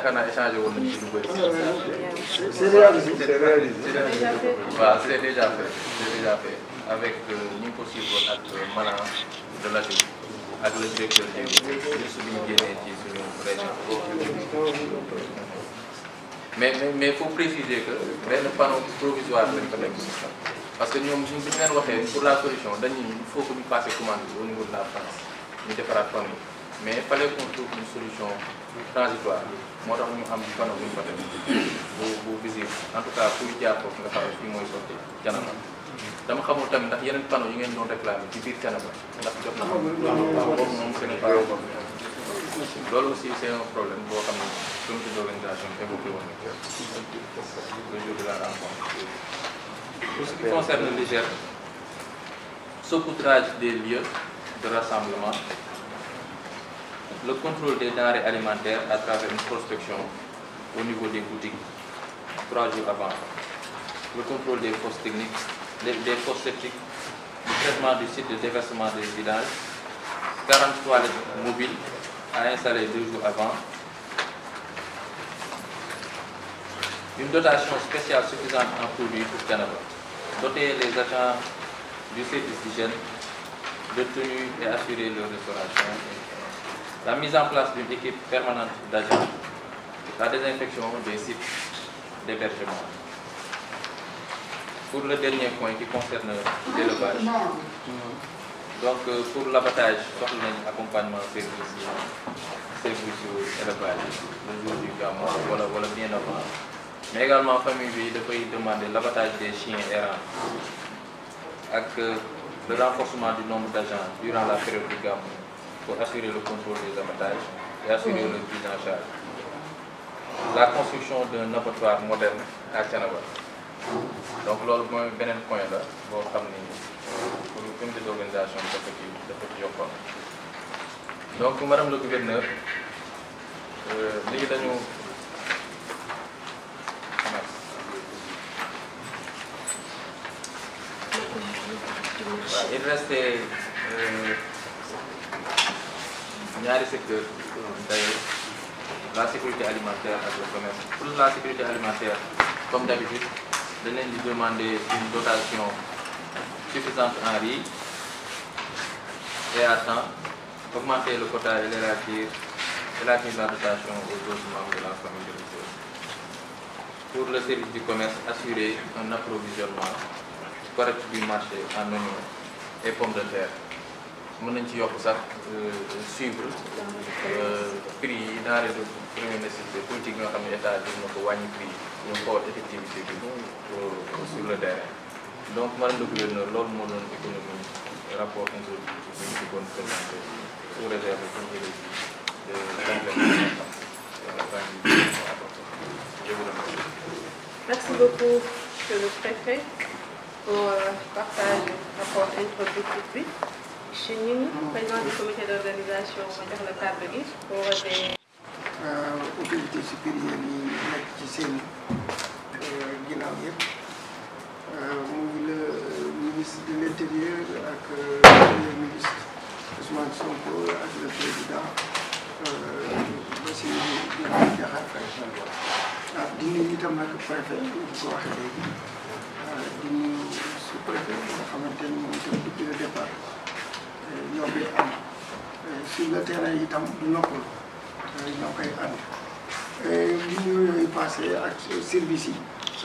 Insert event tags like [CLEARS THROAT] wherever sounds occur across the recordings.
yaakaar naa échangé woon nañu lu bëri. c'est réalisé c'est réalisé. waaw c'est déjà fait c'est déjà fait avec euh, ñu ngi ko suivre ak euh, Malang de la Jolie ak le directeur des ministres bi ñu génnee ci suñu région. mais mais mais faut préciser que benn panneau provisoire lañ ko teg parce que ñoom ñun bu ñu leen waxee pour la solution dañuy il faut que ñu passé commande au niveau de la France ñu defaraat panneau mais il fallait qu'on trouve une solution. transitoire moo tax ñu am panneau bu ñu fa def bu bu visible en tout cas kuy jaar foofu nga xam ne fii mooy sotti Thiénaba dama xamul tamit ndax yeneen panneau yi ngeen doon réclamé ci biir Thiénaba ndax jot na am waaw boobu moom seen par loolu si c' un problème boo xam ne comité d' organisation évoqué woon na le jour de la rencontre pour ce qui concerne l'IGR saupoudrage des lieux de rassemblement le contrôle des denrées alimentaires à travers une prospection au niveau des boutiques trois jours avant, le contrôle des fosses techniques, des, des fosses septiques, le traitement du site de déversement des villages, 40 toilettes mobiles à installer deux jours avant, une dotation spéciale suffisante en produits pour Canada, doter les agents du service d'hygiène de tenue et assurer leur restauration. la mise en place d'une équipe permanente d'agents, la désinfection des sites d'hébergement. Pour le dernier point qui concerne l'élevage, donc euh, pour l'abattage, un accompagnement service, service élevage, le jour du gamin, voilà, voilà bien avant. Mais également, famille devrait demander l'abattage des chiens errants avec le renforcement du nombre d'agents durant la période du gamin. pour assurer le contrôle des abattages et assurer le prise en La construction d'un abattoir moderne à Thiénaba donc loolu mooy beneen point la boo xam ni pour comité d'organisation bi dafa ci dafa ci yokkoon donc madame le gouverneur euh, lii dañu il restait euh, ñaari secteur um, d'ailleurs la sécurité alimentaire ak le commerce pour la sécurité alimentaire comme d'habitude dañ leen di demander une dotation suffisante en riz et à temps augmenter le quota et l'élargir élargir la dotation aux autres membres de la famille de l'État pour le service du commerce assurer un approvisionnement correct du marché en oignons et pommes de terre mën nañ ci yokk sax euh, suivre euh, prix yi dans les premières nécessités politique yi xam ne état jël na ko wàññi prix yi ñu xool effectivité bi euh, sur le terrain donc madame le gouverneur loolu moo doon économie rapport introductif bi ñu bëggoon présenté sous réserve comme je l'ai dit de je vous remercie. merci beaucoup monsieur le préfet pour partage rapport introductif bi Cheikh Gningue président du la kàddu gi pour wootee. Euh, autorité supérieure yi nekk ci seen euh, ginnaaw euh, ministre de l' ak le ministre Ousmane Sonko ak le président Bassirou Diomaye Diakhar Faye ah di nuyu itam nag préfet bu ko waxee léegi di nuyu sous départ. ñoo koy ànd sur le terrain itam du noppalu euh, ñoo koy ànd li euh, ñu yooyu ak service yi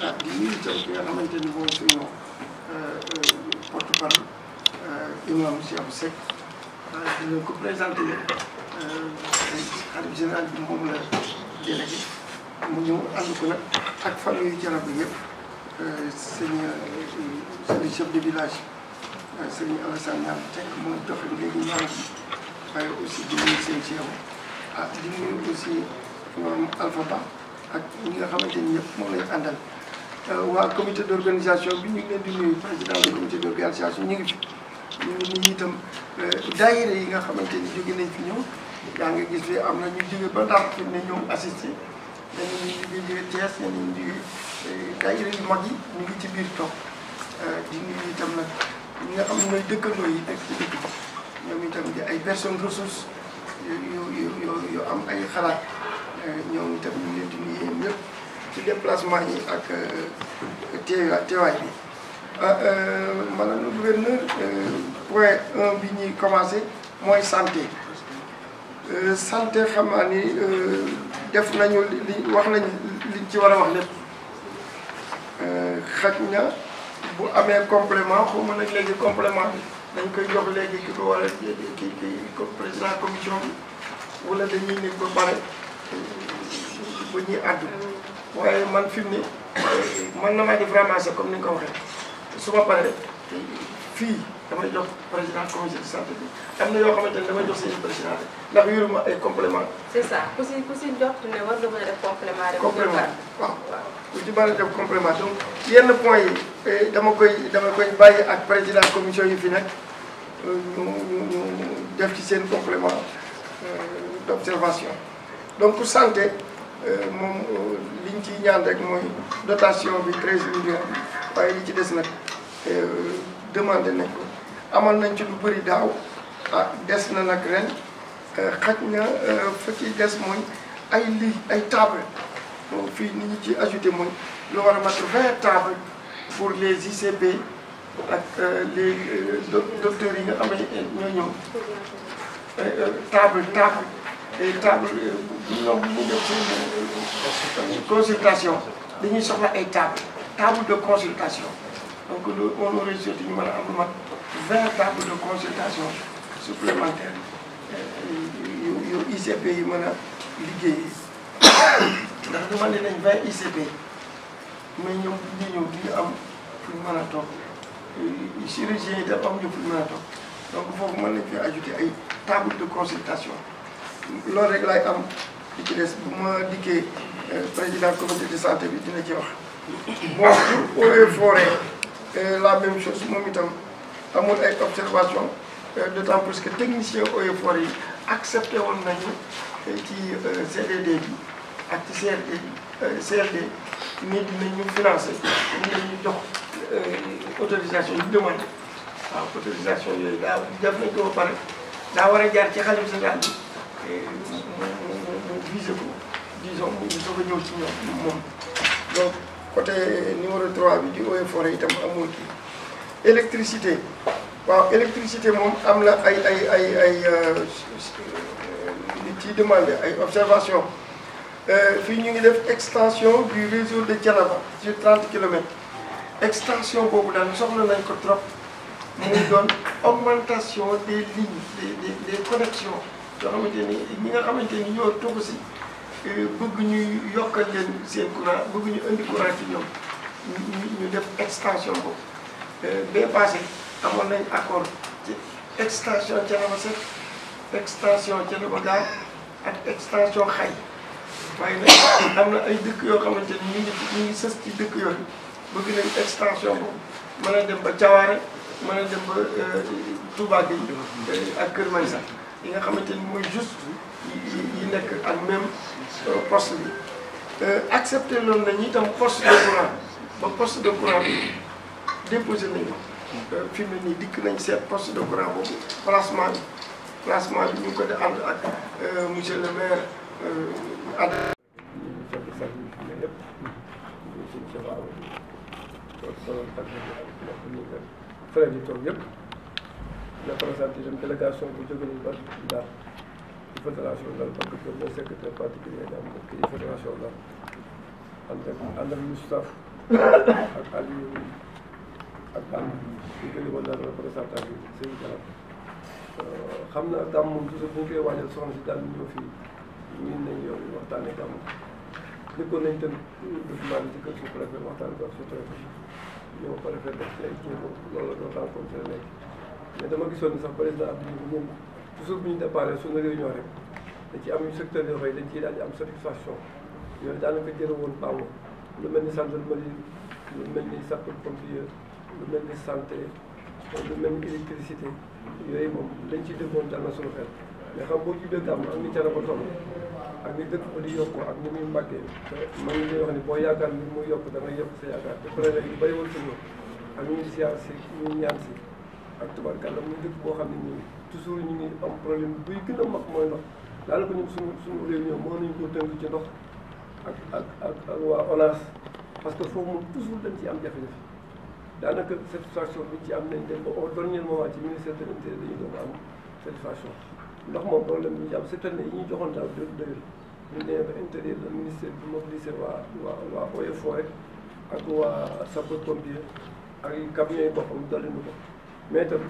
ak di ñuy jaw ki nga xamante ni moom suñu euh, porte parole imam Cheikh Seck dinañ bi mu ñëw ànd ko nag ak famille jarab bi yëpp seen chef de village sëriñ Alassane ñaar teg moo jox léegi ñaar waaye aussi di nuyu seen ci yow ah, di nuyu aussi Alpha Ba ak ñi nga xamante ni ñëpp moom lañu àndal euh, waa comité d' organisation bi ñu ngi leen di nuyu président du comité ñu ngi fi ñu ngi nuyu itam euh, daayira yi nga xamante ni jóge nañ fi ñëw yaa ngi gis fi am na ñu jóge ba ndax fi ne ñoom assisté ñeneen ñu jóge jóge Thiès ñeneen ñu jóge euh, daayira yu mag yi ñu ngi ci biir toog di nuyu itam nag ñi nga xam ne mooy dëkkandoo yi nekk dëkk ñoom itam di ay personnes ressources yu yu yu am ay xalaat eh, ñoom itam ñu leen di nuyu ñëpp ci déplacement yi ak eh, teewa teewaay bi. ah eh, gouverneur point un bi ñuy commencé mooy santé santé xam ni def nañu li wax nañu li ci war wax lépp xaj na. bu amee complément xaw ma nag léegi complément bi dañ koy jox léegi ki ko war a kii kii président commission bi wala dañuy nekk ba pare bu ñuy àddu waaye man fi ni ne man na maa def ramasser comme ni nga ko waxee su ma paree fii. damay jox président comité de santé bi am na yoo xamante ne damay jox seen président rek ndax yoruma ay complément c'est ça ku si ku si jot ne war complément complément waaw ci complément donc yenn point yi eh, dama koy dama koy bàyyi ak président commission yi fi nekk euh, ñu ñu def ci seen complément euh, d' donc santé euh, moom liñ ciy ñaan rek mooy dotation bi 13 millions waaye li ci des nag demandé nañ amal nañ ci lu bëri daaw ah des na nag ren eh, xaj na eh, fa ci des mooy ay lii ay table fii ni ñu ci ajouté mooy lu war a mat vingt table pour les ICP ak eh, les docteurs yi nga xam ne ñoo ñëw table table table ñoom bu ñu def consultation dañuy soxla ay table taable de consultation donc loolu on aurait ñu mën a am lu mat vingt tables de consultation supplémentaires euh, yu yu ICP yi mën a liggéeyee ndax demandé nañ vingt ICP may ñoom ñu ñëw du am fu ñu mën a toog euh, chirurgiens yi dafa am ñu fu ñu mën a toog donc foofu mën nañ fi ajouté ay tables de consultation loolu rek laay am li ci des bu ma dikkee euh, président comité de santé bi dina ci wax bon pour eaux et forêt la même chose moom itam amul ay observation euh, d' autant plus que technicien eaux et forêt yi accepté woon nañu euh, ci euh, CDD bi ak ci CRD CRD nii dinañu financé dinañu jox autorisation yu demandé waaw autorisation yooyu daaw def nañ ko pare daa war a jaar ci xalif général bi mu mu mu visé ko disons mu soog a ñëw ci ñoom moom donc côté numéro 3 bi di eaux yi forêt itam amul kii électricité waaw électricité moom am na ay ay ay ay li euh, ciy demandé ay observation euh, fii ñu ngi def extension du réseau de Thiénaba sur 30 kilomètres extension boobu daal soxla nañ ko trop muy doon augmentation des lignes des des des connexions yoo xamante ni ñi nga xamante ni ñoo tugg si euh, bëgg ñuy yokkal leen seen courant bëgg ñu indi courant ci ñoom ñu def extension boobu. Euh, bee passé amoon nañ accord ci extension Thiénaba Seck extension Thiénaba Gare ak extension Xay waaye nag am na ay dëkk yoo xamante ni ñu ngi ñu ngi sës ci dëkk yooyu bëgg nañ extension boobu mën a dem ba Jawaare mën a dem ba euh, Touba Gueye euh, ak Kër Maïssa yi nga xamante ni mooy juste yi nekk ak même post bi accepté loolu na ñi itam poste de courant ba post de courant bi déposé nañu ko. Euh, fi mu ne nii dikk nañ seet poste de courant boobu placement bi placement bi ñu ko di ànd ak euh, monsieur le maire ànd. Euh, frère yi toog yëpp la présenté dem délégation bu jóge nañu ba daal ci fédération daal parce mooy secrétaire particulier daal kii fédération daal ànd ak ak ànd bi ñu ko defoon représentant xam na gàmm moom toujours bu ñu koy waajal soxna si daal ñëw fii ñun nañ yow waxtaanee gàmm nekkoon nañ tamit document ci kër sous-préfet waxtaan ko ak sous ñoo loolu la doon rencontré léegi dama gisoon ni sax président Abdou Diouf ñun toujours bu ñu déparé suñu réunion rek da ci am secteur yoo xam ne dañ ciy daal di am satisfaction yooyu daanaka jërë woon baaxul lu mel ni gendarmerie lu mel ni sapeur pompier lu mel ni santé lu mel ni électricité yooyu moom dañ ci defoon dal na suñu xel mais xam boo juddoo gàmm ak ni cara ba toll ak ni dëkk ba di yokku ak ni muy màggee man li ñuy wax ni boo yaakaar ni muy yokk da ngay yokk si ñuy ñaan si ak muy dëkk boo xam ne nii toujours ñu ngi am problème buy gën a mag mooy ndox daanaka ñun suñu suñu moo mën ñu koo tënk ci ndox ak ak ak ak waa ONAS parce que foofu moom toujours dañ ciy am jafe-jafe daanaka satisfaction bi ci am nañ dem ba au dernier moment ci ministère de l'intérieur dañu doon am satisfaction ndax moom problème bi ñu ci am cette année yi ñu joxoon daal dëgg dëgg ñu nee ba intérieur le ministère bi mobilisé waa waa waa Eaux ak waa sapeur pompier ak camions yi boppam dolli na ko mais itam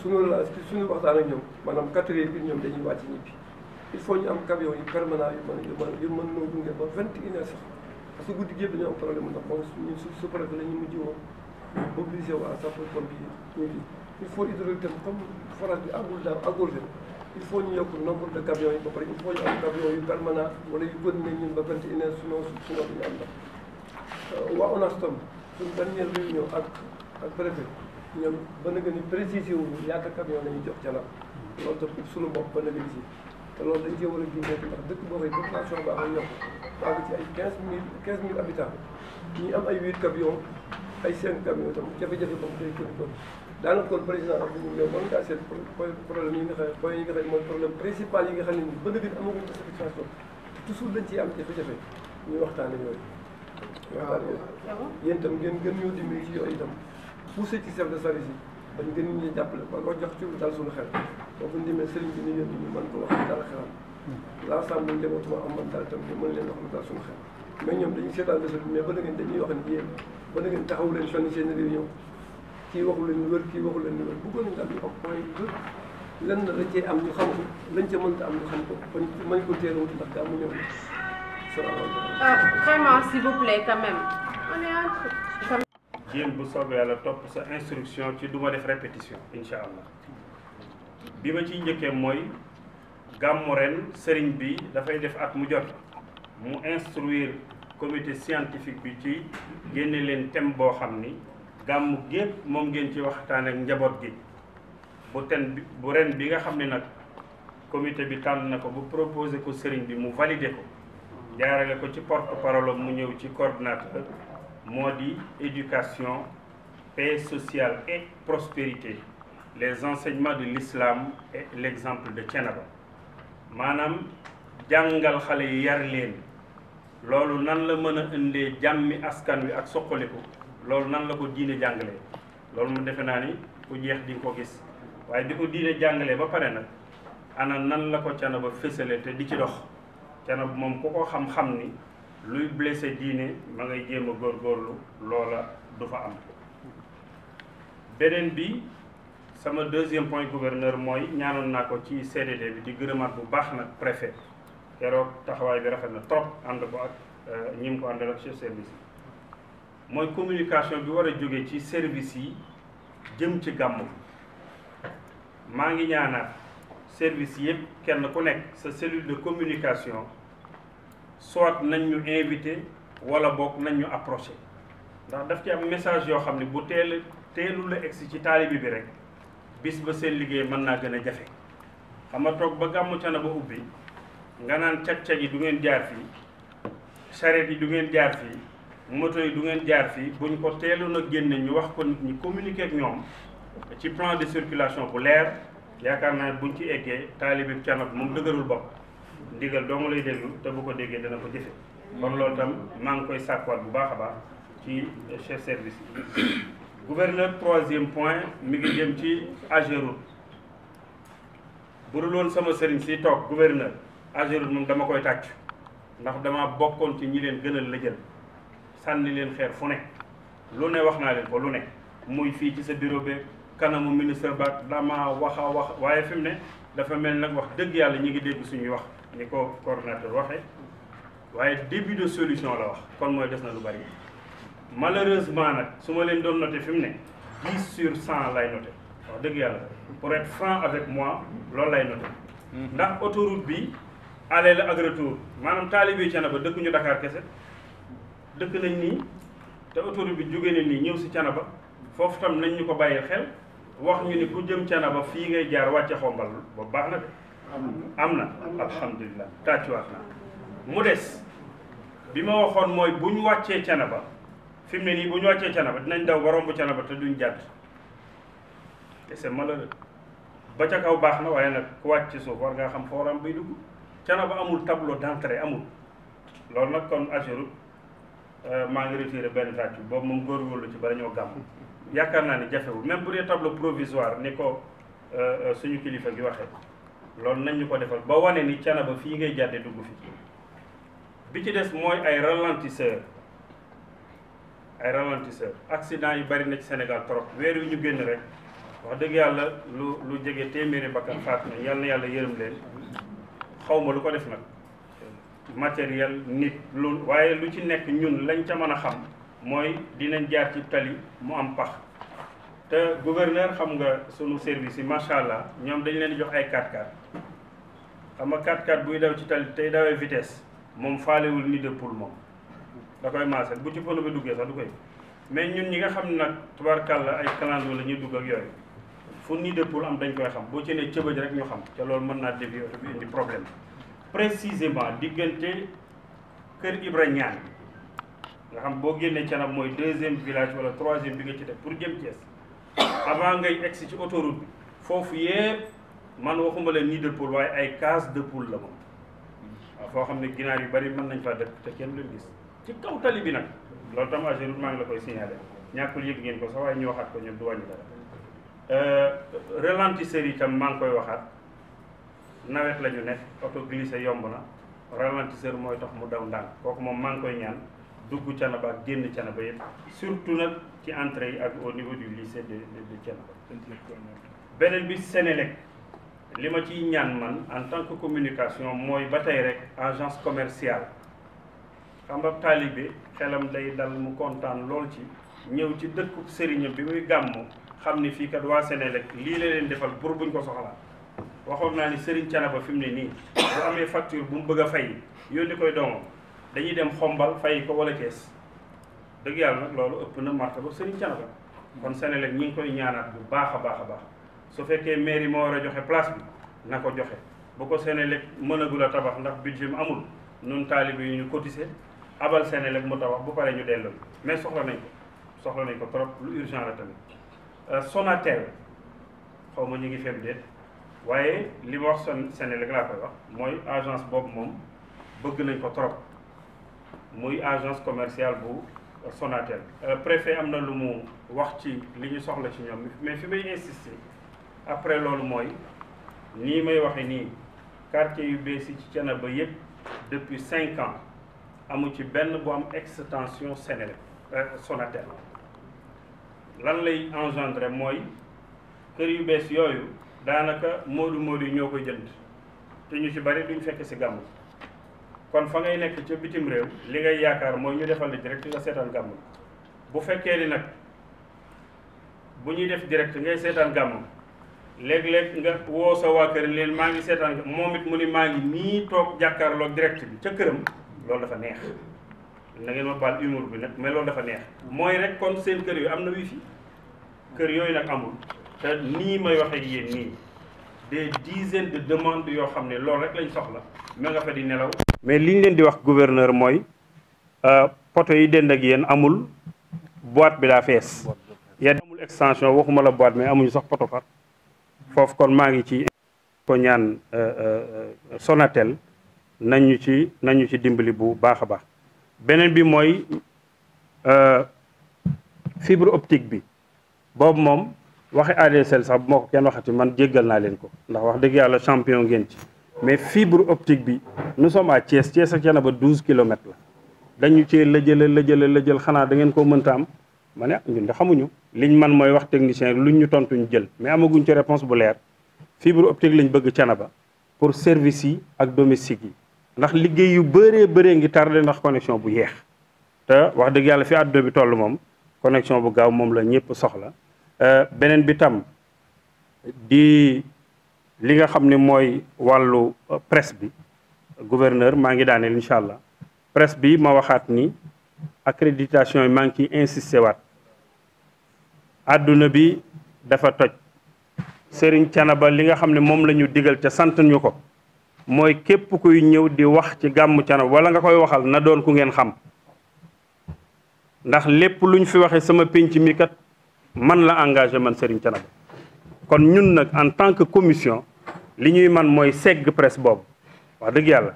suñu la suñu waxtaan ak ñoom maanaam quatre heures bi ñoom dañuy wàcc ñibbi il faut ñu am camion yu permanent yu mën yu mën noo gunge ba vingt et une heures sax parce que guddi gi yëpp dañoo su su ñu mujj mobiliser waa sapeurs-pompiers yi ñu ngi il faut hydraulique tam comme forage bi agul daaw agul ren il faut ñu yokk nombre de camions yi ba pare il faut ñu am camions yu permanent wala yu gën ne ñun ba vingt et une heures sinon sinon duñu am ndox euh, waa ONAS tam suñu dernière réunion ak ak préfet ñoom ba nga ni préciser wu ñu ñaata camion la ñuy jox ca la loolu tam suñu bopp ba nga ni si te loolu dañ cee war a jiw ndax dëkk boo fay population ba am yokk daa ñuy am ay huit camion ay cinq camion tam jafe-jafe boobu day ko kon daanaka kon président am nañu mais mën seet problème yi nga xam point yi nga xam mooy problème principal yi nga xam ne nii bëgg nañ amaguñ ko satisfaction toujours am jafe-jafe ñu waxtaane yooyu. waaw ah, yéen itam ngeen gën ñoo dimbali ci yooyu itam poussé ci chef de service yi ba ñu gën ñu jàppale ba loo jox ci dal suñu xel boobu ñu demee sëriñ bi ñu yónni ñu mën ko wax dara xelam. Hmm. l'ensemble njabootu ma am man daal itam ñu leen wax dal suñu xel. mais ñoom dañuy seetaan bés bi ba léegi dañuy wax ba léegi taxawu leen sonn seen réunion kii waxu leen kii waxu leen lu wér bëggoon nañu daal ñu lañ cee am am ñu ko kon ko teel a wuti ndax daa mu ñëw ah, bu soobee yàlla topp sa instruction ci du ma def répétition incha allah bi ma ciy njëkkee mooy gàmmu ren sëriñ bi dafay def at mu jot. mu instruire comité scientifique bi ci génne leen thème boo xam ni gàmm gépp moom ngeen ci waxtaan ak njaboot gi bu ten bi bu ren bi nga xam ne nag comité bi tànn na ko bu proposé ko sëriñ bi mu validé ko jaarale ko ci porte parole mu ñëw ci coordinateur moo di éducation paix sociale et prospérité les enseignements de l'islam et l'exemple de Thiénaba maanaam jàngal xale yi yar leen loolu nan la mën a indee jàmmi askan wi ak soqaliku loolu nan la ko diine jàngalee loolu mu defe naa ni ku jeex di nga ko gis waaye di ko diine jàngalee ba pare nag ana nan la ko Thiénaba fësale te di ci dox Thiénaba moom ku ko xam-xam ni luy blessé diine ma ngay jéem a góorlu loola du fa am beneen bi sama deuxième point gouverneur mooy ñaanoon naa ko ci CDD bi di gërëmaat bu baax nag préfet keroog taxawaay bi rafet na trop ànd ko ak euh, ñi mu ko àndal ak service mooy communication bi war a jógee ci service yi jëm ci gàmmu maa ngi ñaanaat service yëpp kenn ku nekk sa cellule de communication soit nañ ñu invité wala bokk nañ ñu approché ndax daf ci am message yoo xam ne bu teel teelu la egsi ci taalibi bi rek bis ba seen liggéey mën naa gën a jafe xam nga toog ba gàmmu ca na ba ubbi nga naan cag-cag yi du ngeen jaar fii charrette yi du ngeen jaar fii moto yi du ngeen jaar fi buñ ko teeloon a génne ñu wax ko nit ñi communiquer ak ñoom ci plan de circulation bu leer yaakaar naa buñ ci eggee taalibi canot moom dëgërul bopp ndigal doomu lay déglu te bu ko déggee dana ko jëfe kon loolu tam maa ngi koy sàkkuwaat bu baax a baax ci chef service [COUGHS] gouverneur troisième point mi ngi jëm ci AGEROUTE bu dul woon sama sëriñ si toog gouverneur Azurut moom dama koy tàcc ndax dama bokkoon ci ñi leen gënal la jël sànni leen xeer fu ne lu ne wax naa leen ko lu ne muy fii ci sa bureau bi kanamu ministre ba dama wax a wax waaye fi mu ne dafa mel nag wax dëgg yàlla ñi ngi dégg suñuy wax ni ko coordonnateur waxee waaye début de solution la wax kon mooy des na lu bari malheureusement nag su ma leen doon noté fi mu ne 10 sur 100 lay note wax dëgg yàlla pour franc avec mois loolu lay noté hmm. ndax autoroute aller la ak retour maanaam taalibe yi Thiénaba dëkkuñu Dakar kese dëkk nañ nii te autoroute bi jóge na nii ñëw si Thiénaba foofu tam nañ ñu ko bàyyi xel wax ñu ni ku jëm Thiénaba fii ngay jaar wàcce xombal ba baax na de am na alhamdulilah tàccuwaat na mu des bi ma waxoon mooy bu ñu wàccee Thiénaba fi ne nii bu ñu wàccee Thiénaba dinañ daw ba romb Thiénaba te duñ jàdd te c'est malheureux ba ca kaw baax na waaye nag ku wàcc ci suuf war ngaa xam fooram bay dugg Thiénaba amul tableau d'entrée amul loolu nag kon Ageroute euh, maa ngi retiré benn tàcc boobu moom góorgóorlu ci bala ñoo gàmm yaakaar naa ni jafewul même bu dee tableau provisoire ni ko euh, euh, suñu kilifa gi waxee loolu nañ ñu ko defal ba wane ni Thiénaba fii ngay jàdde dugg fi bi ci des mooy ay ralentisseur ay ralentisseur accident yu bari na ci Sénégal trop weer yu ñu génn rek wax dëgg yàlla lu lu jege téeméeri bakkan faat na yal yàlla yërëm leen xaw ma lu ko def nag matériel nit lu waaye lu ci nekk ñun lañ ca mën a xam mooy dinañ jaar ci tali mu am pax te gouverneur xam nga sunu service yi macha allah ñoom dañ leen di jox ay 4x4 xam nga 4 x buy daw ci tali tey dawee vitesse moom faalewul ni de pour moom da koy maasal bu ci pono bi duggee sax du koy mais ñun ñi nga xam ne nag la ay kalandoo la ñuy dugg ak yooyu fu nid de poule am dañ koy xam boo ci ne cëbëj rek ñu xam te loolu mën naa dévier oto bi indi problème précisément diggante kër Ibra Ñaan nga xam boo génnee Thiénaba mooy deuxième village wala troisième bi nga ci def pour jëm Thiès avant ngay egsi ci autoroute bi foofu yëpp man waxuma leen nid de poule waaye ay case de poule la moom waaw foo xam ne ginaar yu bari mën nañ faa dëkk te kenn leen gis ci kaw tali bi nag loolu tam agéroute maa ngi la koy ngeen ko sax waaye ñu ko ñoom Euh, ralentisseur yi ca maa ngi koy waxaat nawet la ñu nekk oto glissé yomb na ralentisseur mooy tax mu daw ndànk kooku moom maa ngi koy ñaan dugg ca Thiénaba ak génn Thiénaba yëpp surtout nag ci entrée yi ak au niveau du lycée de de Thiénaba beneen bi Sénélec li ma ciy ñaan man en tant que communication mooy ba tey rek agence commerciale xam nga taalibe xelam day dal mu kontaan lool ci ñëw ci dëkku sëriñam bi muy gàmmu xam ni fii kat waa Sénélec lii la leen defal pour buñ ko soxlaa waxoon naa ni Serigne Thiénaba fi mu ne nii bu amee facture bu mu bëgg a fay yónni koy doomam dañuy dem xombal fay ko wala kees dëgg yàlla nag loolu ëpp na martaba Serigne Thiénaba kon Sénélec ñu ngi koy ñaanaat bu baax a baax a baax su fekkee mairie moo war a joxe place bi na ko joxe bu ko Sénélec mënagul a tabax ndax budget mu amul nun taalibe yu ñu cotiser abal Sénélec mu tabax bu pare ñu delloo mais soxla soxla nañ ko trop lu urgent la tamit Euh, Sonatel xaw ma ñu ngi fem déet waaye li ma wax son Senelec laa koy wax mooy agence boobu moom bëgg nañ ko trop muy agence commerciale bu Sonatel euh, préfet am na lu mu wax ci li ñu soxla ci ñoom mais fi may insister après loolu mooy nii may waxe nii quartier yu bees yi ci ba yëpp depuis cinq ans amu ci benn bu am extension Senelec euh, Sonatel lan lay engendré mooy kër yu bees yooyu daanaka moodu moodu yi ñoo ko jënd te ñu ci bari duñ fekk ci gàmmu kon fa ngay nekk ca bitim réew li ngay yaakaar mooy ñu defal la direct nga seetaan gàmmu bu fekkee li nag bu ñuy def direct ngay seetaan gàmmu léeg-léeg nga woo sa waa kër leen maa ngi seetaan moom it mu ni maa ngi nii toog jàkkaarloo direct bi ca këram loolu dafa neex na ngeen ma baal humour bi nag mais loolu dafa neex mooy rek kon seen kër yooyu am na wifi kër yooyu nag amul te nii may wax ak yéen nii des dizaines de demandes yoo xam ne lool rek lañ soxla ma nga fa di nelaw mais liñ leen di wax gouverneur mooy euh, poto yi dend ak yéen amul boîte bi daa fees yéen amul extension waxuma la boîte mais amuñu sox poto far foofu kon maa ngi ci ko ñaan euh, euh, Sonatel nañu ci nañu ci dimbali bu baax a baax beneen bi mooy euh, fibre optique bi boobu moom waxe ADSL sax bu ma ko kenn waxati man jéggal naa leen ko ndax wax dëgg yàlla champion ngeen ci mais fibre optique bi nous sommes à Thiès Thiès ak Thiénaba douze kilomètres la dañu cee lëjëla lëjëla lëjël xanaa da ngeen koo mënta am ma ne ñun de xamuñu liñ man mooy wax technicien luñ ñu tontu ñu jël mais amaguñ ci réponse bu leer fibre optique lañ bëgg Thiénaba pour service yi ak domestique yi ndax liggéey yu bëree bëree ngi tardé ndax connexion bu yeex te wax dëgg yàlla fi àdduna bi toll moom connexion bu gaaw moom la ñëpp soxla euh, beneen bi tam di li nga xam ni mooy wàllu euh, presse bi gouverneur maa ngi daaneel incha allah presse bi ma waxaat ni accréditation yi maa ngi ciy insisté waat àdduna bi dafa toj Serigne Thiénaba li nga xam ne moom la ñu digal ca sant ñu ko mooy képp kuy ñëw di wax ci gàmmu Canaba wala nga koy waxal na doon ku ngeen xam ndax lépp lu ñu fi waxee sama pénc mi kat man la engagé man Serigne Canaba kon ñun nag en tant que commission li ñuy man mooy segg presse boobu wax dëgg yàlla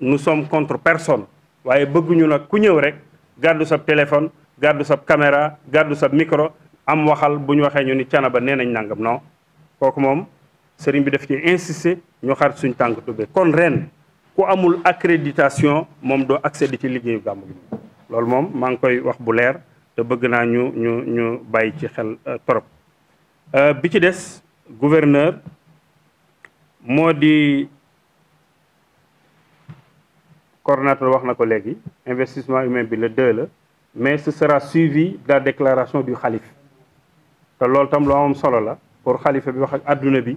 nous sommes contre personne waaye bëgguñu nag ku ñëw rek gàddu sa téléphone gàddu sa caméra gàddu sa micro am waxal bu ñu waxee ñu ni Canaba nee nañ nangam non kooku moom sëriñ bi daf ci insisté ñu xar suñ tànk tubé kon ren ku amul accréditation moom doo accéder ci liggéeyu gàmmu loolu moom maa ngi koy wax bu leer te bëgg naa ñu ñu ñu bàyyi ci xel euh, trop euh, bi ci des gouverneur moo di coordonnateur wax na ko léegi investissement humain bi le deux la mais ce sera suivi de la déclaration du xalif te loolu tam lu am solo la pour xalifa bi wax ak adduna bi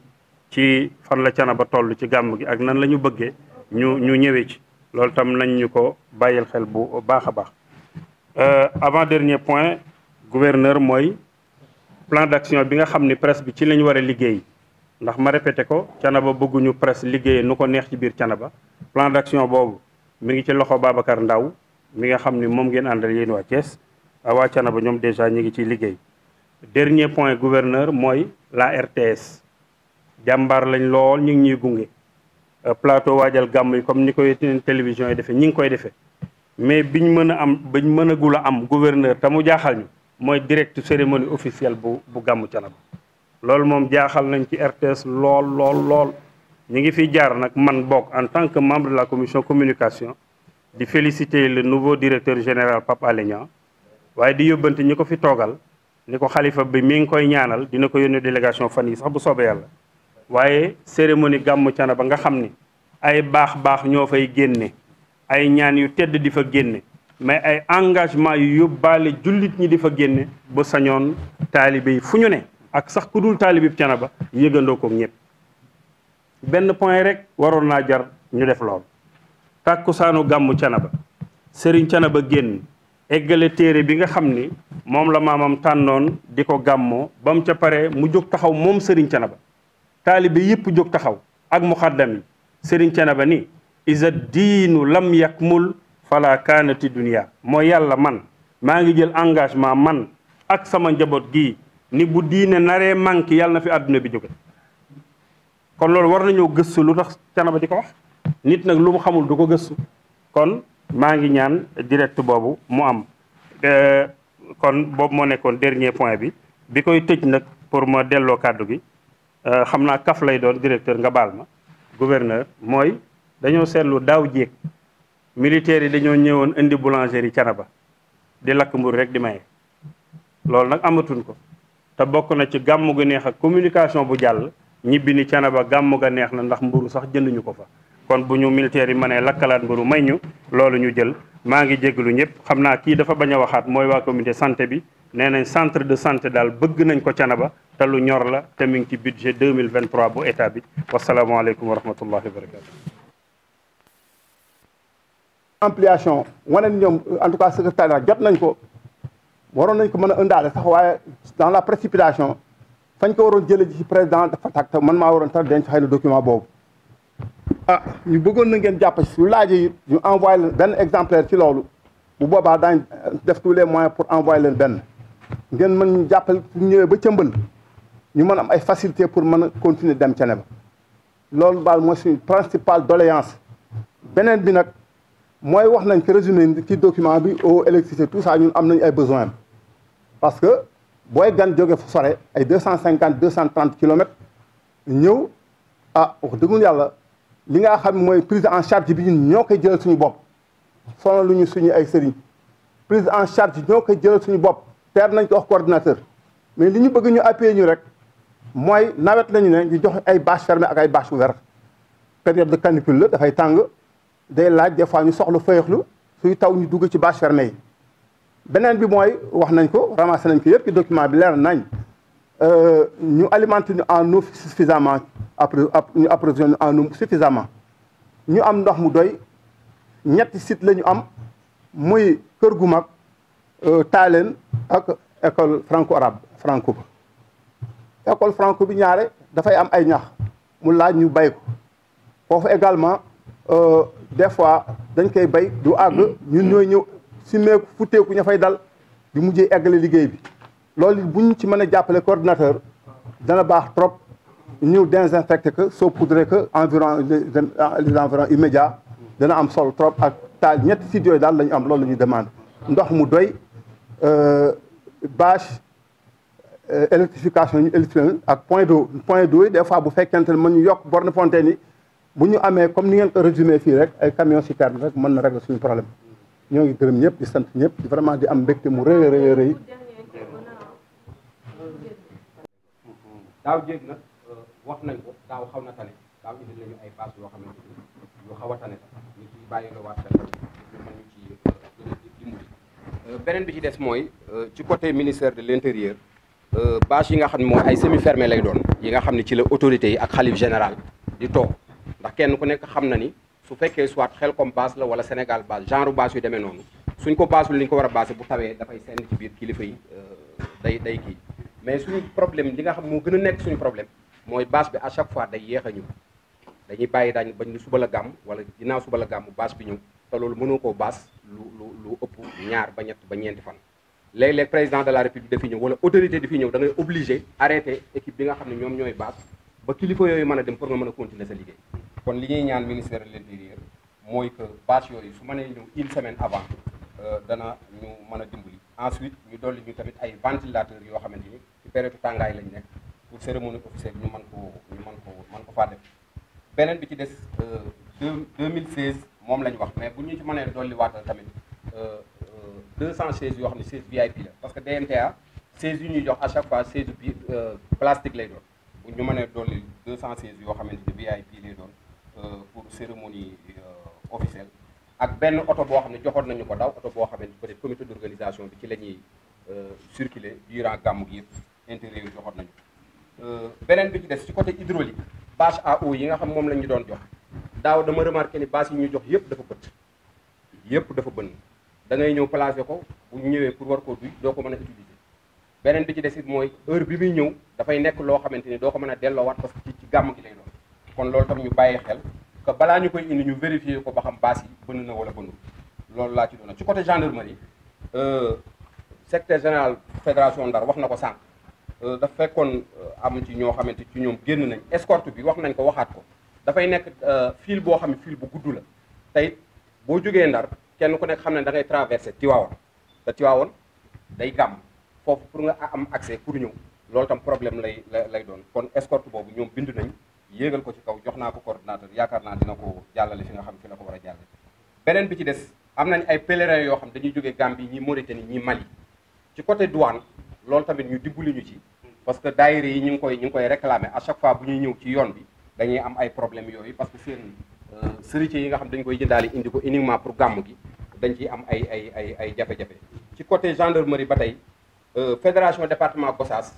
ci fan la Thiénaba toll ci gàmm gi ak nan la ñu bëggee ñu ñu ñëwee ci loolu tam nañ ñu ko bàyyil xel bu baax a baax euh, avant dernier point gouverneur mooy plan d'action bi nga xam ni presse bi ci lañ war a liggéey ndax ma répété ko Thiénaba bëgguñu presse liggéey nu ko neex ci biir Thiénaba plan d'action boobu mu ngi ci loxo Babacar Ndaw mi nga xam ni moom ngeen àndal yéen waa Thiès ah, waa Thiénaba ñoom déjà ñu ngi ciy liggéey dernier point gouverneur mooy la RTS jàmbaar lañ lool ñu ngi ñuy gunge euh, plateau waajal gàmm yi comme ni koy télévision yi defee ñi ngi koy defee mais biñ mën a am biñ mën a gula am gouverneur te mu jaaxal ñu mooy direct cérémonie officielle bu bu gàmmu Thiénaba loolu moom jaaxal nañ ci RTS lool lool lool ñu ngi fi jaar nag man bokk en tant que membre de la commission communication di féliciter le nouveau directeur général Pape Alé Niang waaye di yóbbante ñi ko fi toogal ni ko xalifa bi mi ngi koy ñaanal dina ko yónnee délégation fan yi sax bu soobee yàlla waaye cérémonie gàmmu Thiénaba nga xam ni ay baax baax ñoo fay génne ay ñaan yu tedd di fa génne mais ay engagement yu yóbbaale jullit ñi di fa génne bu sañoon taalibe yi fu ñu ne ak sax ku dul taalibe bi Thiénaba yëgandoo ko ñëpp benn point rek waroon naa jar ñu def lool tàkkusaanu gàmmu Thiénaba sëriñ Thiénaba génn eggale téere bi nga xam ni moom la maamam tànnoon di ko gàmmoo ba mu ca pare mu jóg taxaw moom sëriñ Thiénaba taalibe yëpp jóg taxaw ak mu muxaddam yi sëriñ Thiénaba ni isa diinu lam yakmul fala kaanati dunia mooy yàlla man maa ngi jël engagement man ak sama njaboot gi ni bu diine naree manqué yàlla na fi àdduna bi jóge kon loolu war nañoo gëstu lu tax Thiénaba di ko wax nit nag lu mu xamul du ko gëstu kon maa ngi ñaan direct boobu mu am kon boobu moo nekkoon dernier point bi bi koy tëj nag pour ma delloo kàddu gi Euh, xam naa kaf lay doon directeur nga baal ma gouverneur mooy dañoo seetlu daaw jéeg militaires yi dañoo ñëwoon indi boulangerie Thiénaba di lakk mburu rek di maye loolu nag amatuñ ko te bokk na ci gàmm gu neex ak communication bu jàll ñibbi ni Thiénaba gàmm ga neex na ndax mburu sax jënduñu ko fa kon bu ñu militaires yi mënee lakkalaat mburu may ñu loolu ñu jël maa ngi jégalu ñëpp xam naa kii dafa bañ a waxaat mooy waa comité santé bi nee nañ centre de santé daal bëgg nañ ko Canaba te lu ñor la te mi ngi ci budget 2023 bu état bi wasalaamaaleykum wa rahmatullahi wa barakatu ampliation wane ni ñoom en tout cas secrétariat jot nañ ko waroon nañ ko mën a ëndaale sax waaye dans la précipitation fañ ko waroon jële ji ci président dafa tàkk te man maa waroon tax denc xëy na document boobu ah ñu bëggoon na ngeen jàpp su laaj yi ñu envoyé leen benn exemplaire ci loolu bu boobaa daañ def tous les moyens pour envoyer leen benn ngeen mën ñu jàppale bu ñëwee ba cëmban ñu mën am ay facilité pour mën a continuer dem Thiénaba loolu daal mooy suñu principale doléance beneen bi nag mooy wax nañ ci résumé ci document bi eau électricité tout ça ñun am nañu ay besoin parce que booy gan jóge fu sore ay deux cent cinquante deux cent trente kilomètres ñëw ah wax dëggul yàlla li ngaa xam mooy prise en charge bi ñu ñoo koy jëlal suñu bopp sono lu ñu suñu ay sëriñ prise en charge ñoo koy jëlal suñu bopp teer nañ ko wax coordinateur mais li ñu bëgg ñu appuyer ñu rek mooy nawet nañu ne ñu jox ay bâche fermée ak ay bâche ouverte période de canicule la dafay tàng day laaj des fois ñu soxla fëyaxlu suy taw ñu dugg ci bâche fermée yi beneen bi mooy wax nañ ko ramassé nañ ko yëpp ci document bi leer nañ euh, ñu alimenté ñu en eau suffisamment ñu approvisionné en eau suffisamment ñu am ndox mu doy ñetti sit lañu am muy kër gu mag euh, taaleen ak école franco arabe franco ba école franco bi ñaare dafay am ay ñax mu laaj ñu bay ko foofu également euh, des fois dañ koy bay du àgg ñu ñooy ñëw si meeku futteeku ña fay dal di mujjee eggale liggéey bi loolu buñ ci mën a jàppale coordinateur dana baax trop ñëw désinfecté que saupoudré que environ les environs immédiats dana am solo trop ak taal ñetti si yooyu daal la ñu am loolu la ñuy demande ndox mu doy Euh, bâche euh, électrification ñu électrifié ak point d'eau point d'eau yi des fois bu fekkente ne mën ñu yokk borne fontaine yi bu ñu amee comme ni ngeen ko résumé fii rek ay camion citerne rek mën na régler suñu problème ñoo ngi gërëm ñëpp di sant ñëpp vraiment di am mbégte mu rëy rëy rëy daaw jéeg nag euh, na tane daaw indi xamante ni yu xaw a tane sax ñu ciy bàyyi la Euh, beneen bi ci des mooy euh, ci côté ministère de l'intérieur euh, bâche yi nga xam ne mooy ay semi fermé lay doon yi nga xam ne ci la autorité yi ak xalif général di toog ndax kenn ku nekk xam na ni su fekkee soit xel comme bâche la wala Sénégal bâche genre bâche yi demee noonu suñ ko bâchul li ko war a bâché bu tawee dafay senn ci biir kilifa yi day day kii mais suñu problème li nga xam moo gën a nekk suñ problème mooy bâche bi à chaque fois day yéex a ñëw dañuy bàyyi daañu bañ suba la gàmm wala ginnaaw suba la gàmm bi ñëw loolu mënoo koo bâche lu lu lu ëpp ñaar ba ñett ba ñeenti fan léeg-léeg président de la république dafiy ñëw wala autorité fi ñëw da ngay obligé arrêté équipe bi nga xam ne ñoom ñooy baax ba kilifa yooyu mën a dem pour nga mën a continuer sa liggéey kon li ñuy ñaan ministère de l'intérieur mooy que bâche yooyu su manee ñëw une semaine avant euh, dana ñu mën a dimbali ensuite ñu dolli ñu tamit ay ventilateurs yoo xamante ni ci période tàngaay lañ nekk pour cérémonie officielle ñu mën ko ñu mën ko mën ko faa def beneen bi ci des 2016 euh, moom lañ wax mais bu ñu ci mënee dolli waatal tamit 200 euh, euh, chaises yoo xam ne chaise VIP la parce que DMTA chaises yu ñuy jox à chaque fois chaise bi euh, plastique lay doon bu ñu mënee dolli 200 chaises yoo xamante ne VIP lay doon pour cérémonie officielle ak benn oto boo xam ne joxoon nañu ko daw oto boo xamante peut être comité organisation bi ci la ñuy circuler durant gàmmu gi yëpp intérieur joxoon nañu beneen bi ñu def si côté hydraulique bâche a eau yi nga xam moom la ñu doon jox daaw dama remarqué ni bâche yi ñu jox yëpp dafa bët yëpp dafa bënn da ngay ñëw placé ko bu ñëwee pour war ko duy doo ko mën a utiliser beneen bi ci des it mooy heure bi muy ñëw dafay nekk loo xamante ni doo ko mën a delloowaat parce que ci ci gàmm gi lay doon kon loolu tam ñu bàyyi xel que balaa ñu koy indi ñu vérifier ko ba xam bâche yi bënn na wala bënnul loolu laa ci doon ci côté gendarmerie euh, secrétaire général fédération Ndar wax na ko sànq euh, dafa fekkoon euh, am ñoo xamante ci ñoom génn nañ escorte bi wax nañ ko waxaat ko dafay nekk euh, fil boo xam ne fil bu gudd la tey boo jógee ndar kenn ku nekk xam ne da ngay traversé Tiwaawoon te Tiwaawoon day gàmm foofu pour nga am accès pour ñëw loolu tam problème lay lay doon kon escorte boobu ñoom bind nañ yéegal ko ci kaw jox naa ko ko coordinateur yaakaar naa dina ko jàllale fi nga xam fi la ko war a jàllale beneen bi ci des am nañ ay pèlerins yoo xam dañuy jógee Gambie ñi Mauritanie ñi Mali ci côté duwaan loolu tamit ñu dimbali ñu ci parce que daayira yi ñu ngi koy ñu ngi koy réclamer à chaque fois bu ñuy ñëw ci yoon bi dañuy am ay problème yooyu parce que seen seritiers euh, yi nga xam dañ koy jëndaale indi ko uniquement pour gàmm gi dañ ciy am ay ay ay ay jafe-jafe ci côté gendarmerie ba tey euh, fédération département Gossas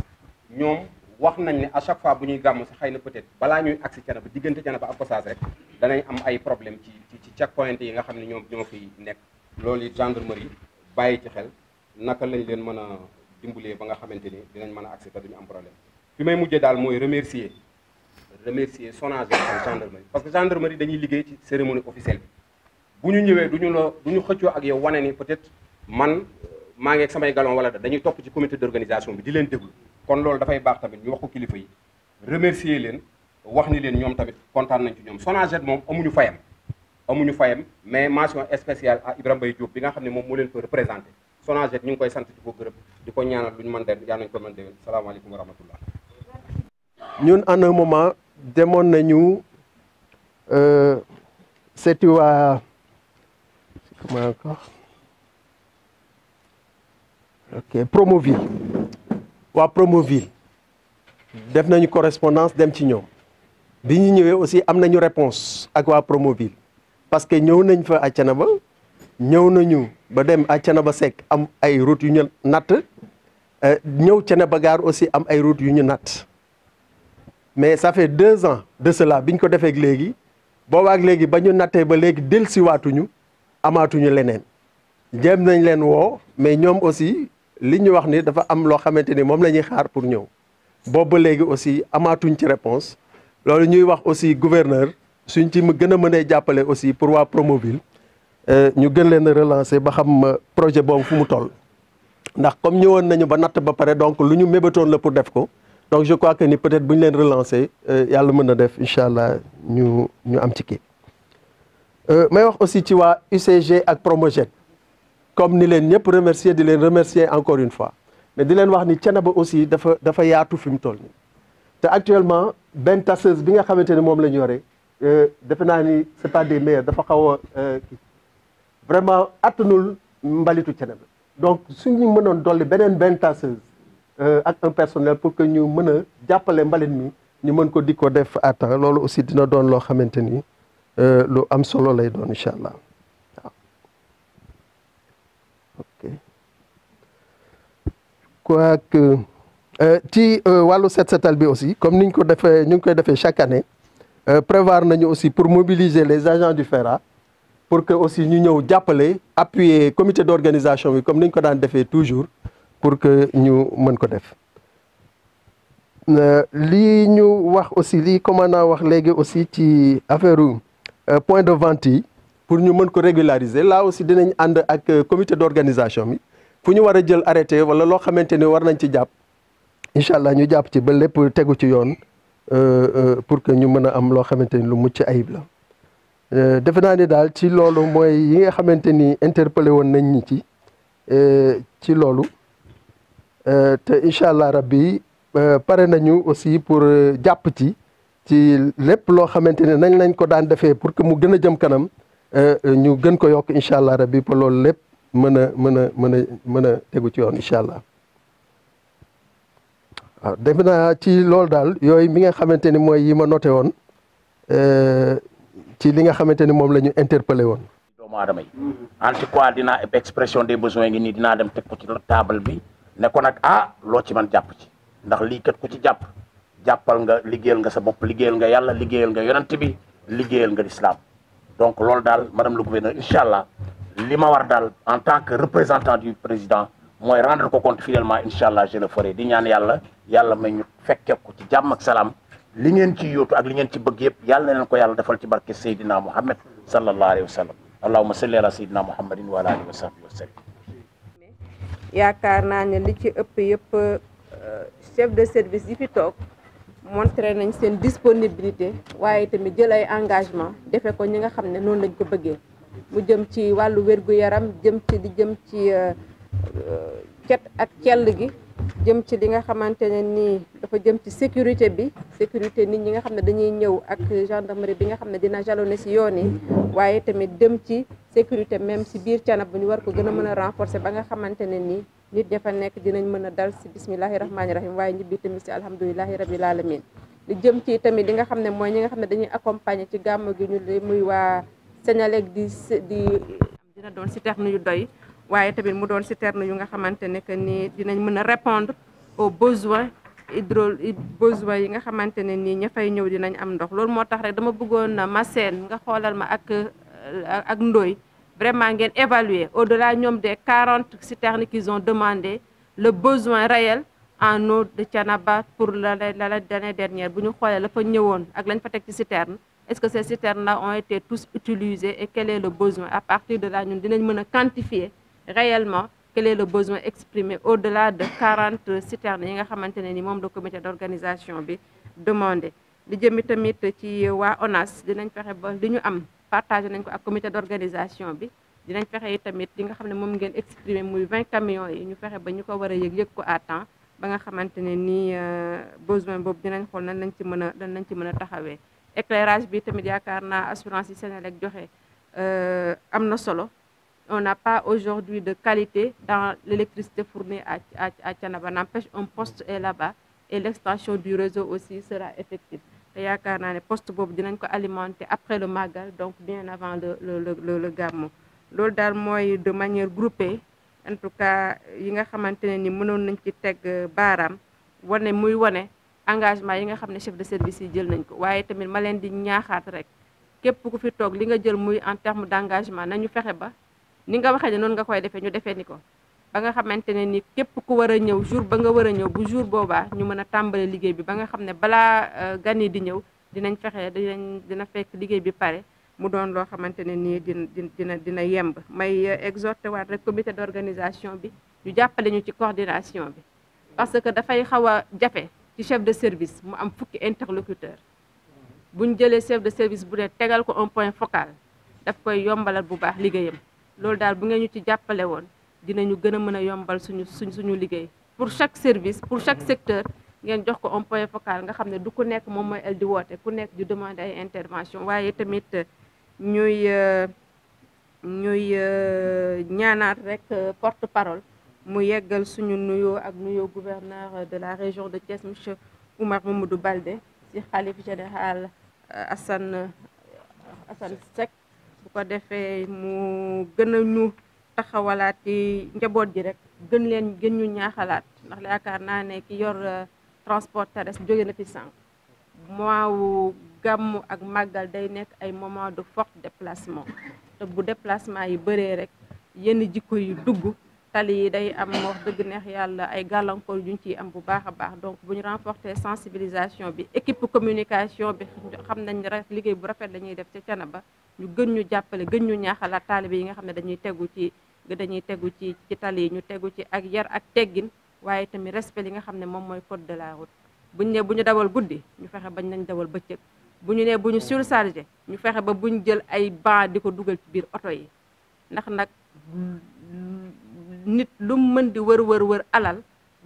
ñoom wax nañ ni à chaque fois bu ñuy gàmm si xëy na peut-être balaa ñuy agsi Thiénaba diggante Thiénaba ak Gossas rek danañ am ay problème ci ci checkpoint yi nga xam ne ñoom ñoo fiy nekk loolu it gendarmerie bàyyi ci xel naka lañ leen mën a dimbalee ba nga xamante ni dinañ mën a agsi te am problème fi may mujjee daal mooy remercier remercier SONAGED ak gendarmerie parce que gendarmerie dañuy liggéey ci cérémonie officielle bi bu ñu ñëwee du ñu la du xëccoo ak yow wane ni peut-être man euh, maa ngi ak samay galon wala da dañuy topp ci comité d'organisation bi di leen déglu kon loolu dafay baax tamit ñu wax ko kilifa yi remercier leen wax ni leen ñoom tamit kontaan nañ ci ñoom SONAGED moom amuñu fayam amuñu fayam mais mention spéciale à Ibrahima Mbaye Diop bi nga xam ne moom moo leen ko représenté SONAGED ñu ngi koy sant di ko gërëm di ko ñaanal lu ñu mën de yaa nañ ko mën déwén salaamaaleykum wa demoon nañu euh, seeti waa comment encore ok Promoville waa Promoville def nañu correspondance dem ci ñoom bi ñu ñëwee aussi am nañu réponse ak waa Promoville parce que ñëw nañ fa à ba ñëw nañu ba dem à ba Seck am ay routes yu ñu natt euh, ñëw ba Gare aussi am ay routes yu ñu natt mais ça fait deux ans de cela bi ñu ko defeek léegi ak léegi ba ñu nattee ba léegi dellusiwaatuñu amaatuñu leneen jëm nañ leen woo mais ñoom aussi li ñu wax ni dafa am loo xamante ni moom la ñuy xaar pour ñëw boobu ba léegi aussi amaatuñ ci réponse loolu ñuy wax aussi gouverneur suñ ci mu gën a mënee jàppale aussi pour waa Promoville euh, ñu gën leen a ba xam euh, projet boobu fu mu toll ndax comme ñëwoon nañu ba natt ba pare donc lu ñu mébatoon la pour def ko donc je crois que ni peut-être bu ñu leen relancer euh, yàlla mën na def incha allah ñu ñu am ci kii euh, may wax aussi ci waa UCG ak Promoged comme ni leen ñëpp remercier di leen remercier encore une fois mais di leen wax ni Thiénaba aussi dafa dafa yaatu fi mu toll nii te actuellement benn tasseuse bi nga xamante ni moom la ñu yore euh, defe naa ni c'est pas des mais dafa xaw a vraiment attanul mbalitu Thiénaba donc suñu mënoon dolli beneen benn tasseuse Euh, ak un personnel pour que ñu mën a jàppale mbalit mi ñu mën ko di ko def à temps loolu aussi dina doon loo xamante ni euh, lu am solo lay doon incha allah waaw ok quoi que euh, wàllu set setal bi aussi comme niñ ko defee ñu ngi koy defee chaque année prévoir nañu aussi pour mobiliser les agents du FERA pour que aussi ñu ñëw jàppale appuyer comité d'organisation bi comme niñ ko daan defee toujours pour que ñu mën ko def euh, lii ñu wax aussi lii commandant wax léegi aussi ci affaire euh, point de vente yi pour ñu mën ko régulariser là aussi dinañ ànd ak euh, comité d'organisation bi fu ñu war a jël arrêté wala loo xamante ni war nañ ci jàpp incha allah ñu jàpp ci ba lépp tegu ci yoon pour que ñu mën a am loo xamante ni lu mucc ayib la defe naa ni daal ci loolu mooy yi nga xamante ni interpellé woon nañ ñi ci ci loolu Euh, te incha allah rabbi euh, pare nañu aussi pour euh, jàpp ci ci lépp loo xamante ne nañ lañ ko daan defee pour que mu gën a jëm kanam ñu gën ko yokk incha allah rabbi pour loolu lépp mën a mën a mën a mën a tegu ci yoon incha allah waaw ah, def naa ci loolu daal yooyu mi nga xamante ni mooy yi ma noté woon ci li nga xamante ni moom la ñu interpellé woon. doomu aadama yi en tout cas dinaa expression des besoins ngi nii dinaa dem teg ko ci taabal bi. ne ko nag ah loo ci man jàpp ci ndax lii kat ku ci jàpp jàppal nga liggéeyal nga sa bopp liggéeyal nga yàlla liggéeyal nga yonent bi liggéeyal nga l'islam donc loolu daal madame le gouverneur incha allah li ma war daal en tant que représentant du président mooy rendre ko compte fidèlement incha allah je le ferai di ñaan yàlla yàlla may ñu fekke ko ci jàmm ak salaam li ngeen ci yóotu ak li ngeen ci bëgg yëpp yàlla na leen ko yàlla defal ci barke Seydina Muhammad sallallahu alayhi wa sallam allahumma salli ala Seydina Muhammadin wa ala alihi yaakaar naa ne li ci ëpp yëpp euh, chef de service yi fi toog montré nañ seen disponibilité waaye tamit jël ay engagement defe ko ñi nga xam ne noonu lañ ko bëggee mu jëm ci wàllu wér-gu-yaram jëm ci di jëm ci euh, euh, cet ak cell gi jëm ci li nga xamante ne nii dafa jëm ci sécurité bi sécurité nit ñi nga xam ne dañuy ñëw ak gendarmerie bi nga xam ne dina jalonné si yoon yi waaye tamit dem ci sécurité même si biir canab bu ñu war ko gën a mën a renforcer ba nga xamante ne nii nit dafa nekk dinañ mën a dal si bismillahi rahmaani rahim waaye ñibbi tamit si alhamdulilahi rabil alamin li jëm ci tamit li nga xam ne mooy ñi nga xam ne dañuy accompagner ci gàmm gi ñu li muy waa Sénélec di di dina doon si terme yu doy waaye tamit mu doon citerne yu nga xamante ne que ni dinañ mën a répondre aux besoins hydro besoins yi nga xamante ne nii ña fay ñëw dinañ am ndox loolu moo tax rek dama bëggoon na seen nga xoolal ma ak euh, ak ndooy vraiment ngeen évaluer au-delà ñoom des quarante citernes qu'ils ont demander le besoin réel en eau de Thiénaba pour la l'année dernière bu ñu xoolee la fa ñëwoon ak lañ fa teg ci citerne est-ce que ces citernes là ont été tous utilisées et quel le besoin à partir de là ñun dinañ mën a quantifier réellement quel est le besoin exprimé au-delà de 40 citernes yi nga xamante ne ni moom la comité d'organisation bi demandé li jëmi tamit ci waa ONAS dinañ fexe ba li ñu am partagé nañ ko ak comité d'organisation bi dinañ fexe yi tamit li nga xam ne moom ngeen exprimé muy 20 camions yi ñu fexe ba ñu ko war a yëg yëg ko à temps ba nga xamante ne nii euh, besoin boobu dinañ xool nañ lañ ci mën a nan lañ ci mën a taxawee éclairage bi tamit yaakaar naa assurance yi Senelec joxe euh, am na solo on n'a pas aujourd'hui de qualité dans l'électricité fournie à, à, à Tianaba. N'empêche, un poste est là-bas et l'extension du réseau aussi sera effective. te yaakaar naa ne poste boobu dinañ ko alimenter après le Magal donc bien avant le le le le Gamou loolu daal mooy de manière groupée en tout cas yi nga xamante ne ni mënoon nañ ci teg euh, baaraam wane muy wane engagement yi nga xam ne chef de service yi jël nañ ko waaye tamit ma leen di ñaaxaat rek képp ku fi toog li nga jël muy en terme d'engagement nañu fexe ba. ni nga waxee ne noonu nga koy defee ñu defee ni ko ba nga xamante ne nii képp ku war a ñëw jour ba nga war a ñëw bu jour boobaa ñu mën a tàmbali liggéey bi ba nga xam ne balaa euh, gan di ñëw dinañ fexe dinañ dina fekk liggéey bi pare mu doon loo xamante ne nii dina dina dina yemb may euh, exhorté waat rek comité d'organisation bi ñu jàppale ñu ci coordination bi parce que dafay xaw a jafe ci chef de service mu am fukki interlocuteur buñ jëlee chef de service bu ne tegal ko un point focal daf koy yombalal bu liggéeyam loolu daal bu ngeen ñu ci jàppale woon dinañu gën a mën a yombal suñu suñ suñu liggéey pour chaque service pour chaque secteur ngeen jox ko un point focal nga xam ne du ku nekk moom mooy el woote ku nekk di demander ay intervention waaye tamit euh, ñuy euh, ñuy euh, ñaanaat rek porte parole mu yeggal suñu nuyoo ak nuyoo gouverneur de la région de Thiès monsieur Oumar Mamadou Baldé ci xalif général Assane Assane Seck ko defee mu gën a ñu taxawalaat ci njaboot ji rek gën leen gën ñu ñaaxalaat ndax yaakaar naa ne ki yor euh, transport terrestre jóge na fi sànq mois wu gàmmu ak màggal day nekk ay moment de fort déplacement bu déplacement yi bëree rek yenn jikko yi dugg tali yi day am wax dëgg neex yàlla ay gàllankoor yuñ ciy am bu baax a baax donc bu ñu sensibilisation bi équipe communication bi xam nañ liggéey bu rafet la def ca Thiénaba ñu gën ñu jàppale gën ñu ñaaxalaat taalibe yi nga xam ne dañuy tegu ci dañuy tegu ci ci tali yi ñu tegu ci ak yar ak teggin waaye tamit respect li nga xam ne moom mooy code de la route buñ ne bu ñu dawal guddi ñu fexe bañ nañ dawal bëccëg bu ñu ne bu ñu surchargé ñu fexe ba buñ jël ay ban di ko dugal ci biir oto yi nit lu mën di wër wër wër alal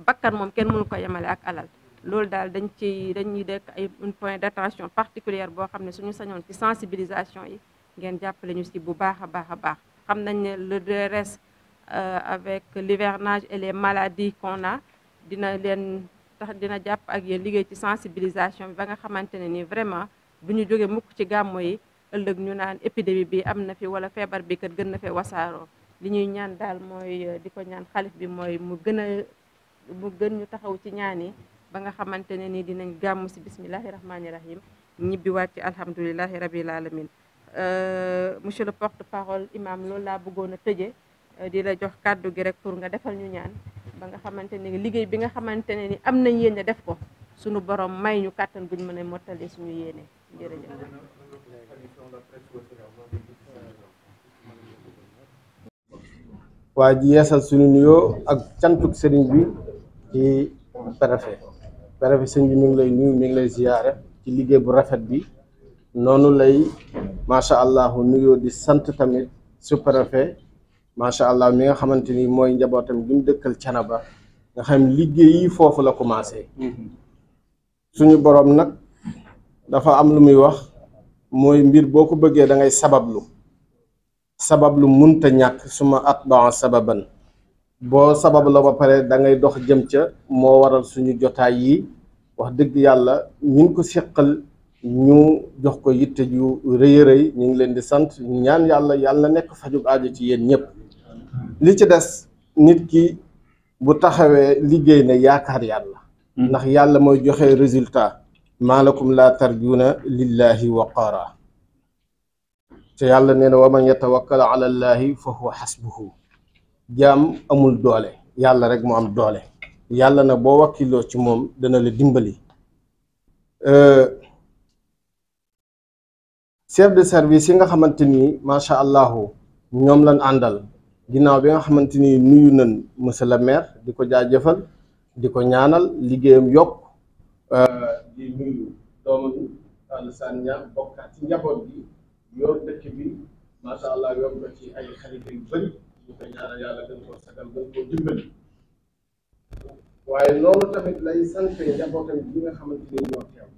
bakkan moom kenn mënu ko yemale ak alal loolu daal dañ ci dañ dañuy dekk ay un point d'attention particulière boo xam ne suñu sañoon ci sensibilisation yi ngeen jàppale ñu si bu baax a baax a baax xam nañ ne le DRS euh, avec l'hivernage et les maladies qu'on a dina leen tax dina jàpp ak yéen liggéey ci sensibilisation bi ba nga xamante ne ni vraiment bu ñu jógee mukk ci gàmmo yi ëllëg ñu naan épidémie bi am na fi wala feebar bi kat gën na fee wasaaroo li ñuy ñaan daal mooy euh, di ko ñaan xalif bi mooy mu gën a mu gën ñu taxaw ci ñaan yi ba nga xamante ne ni dinañ gàmm si bismillahi rahmaani rahim ñibbi wàcc alhamdulilahi rabil alamin euh, monsieur le porte parole imam loolu laa bëggoon a tëje euh, di la jox kàddu gi rek pour nga defal ñu ñaan ba nga xamante ne liggéey bi nga xamante ne ni am nañ yéene def ko suñu borom may ñu kàttan guñ mën a mottalee suñu yéene jërëjëf waa jiyeesal yeesal suñu nuyoo ak cantuk sëriñ bi ci préfet préfet sëriñ bi mu ngi lay nuyu mi ngi lay ziyaare ci liggéey bu rafet bi noonu lay macha allah nuyoo di sant tamit su préfet macha allah mi nga xamante ni mooy njabootam gi mu dëkkal canaba nga xam liggéey yi foofu la commencé suñu boroom nag dafa am lu muy wax mooy mbir boo ko bëggee da ngay sabablu sabab lu munta ñàkk suma at atbaa sababan boo sabab la ba pare da ngay dox jëm ca moo waral suñu jotaay yi wax dëgg yàlla ñi ko seqal ñu jox ko yitte yu rëy a ñu ngi leen di sant ñaan yàlla yàlla nekk fajug aajo ci yéen ñëpp li ci des nit ki bu taxawee liggéey na yaakaar yàlla hmm. ndax yàlla mooy joxe résultat maalakum laa tarjuuna lillahi waqaara te yàlla nee na wa man yatawakkal ala allahi fa huwa xasbuhu jaam amul doole yàlla rek mu am doole yàlla na boo wakkiloo ci moom dana la dimbali euh, chef de service yi nga xamante ni macha allahu ñoom lañ àndal ginnaaw bi nga xamante ni nuyu nañ monsieur le maire di ko jaajëfal di ko ñaanal liggéeyam yokk euh, di nuyu doomu bi Sane Niang bokkaat ci njaboot bi yor dëkk bi macha allah yor ci ay xarit yu bëri ñu koy ñaanal yàlla gën koo sagal gën koo dimbali waaye loolu tamit lay sant njabootam bi nga xamante ni ñoo teew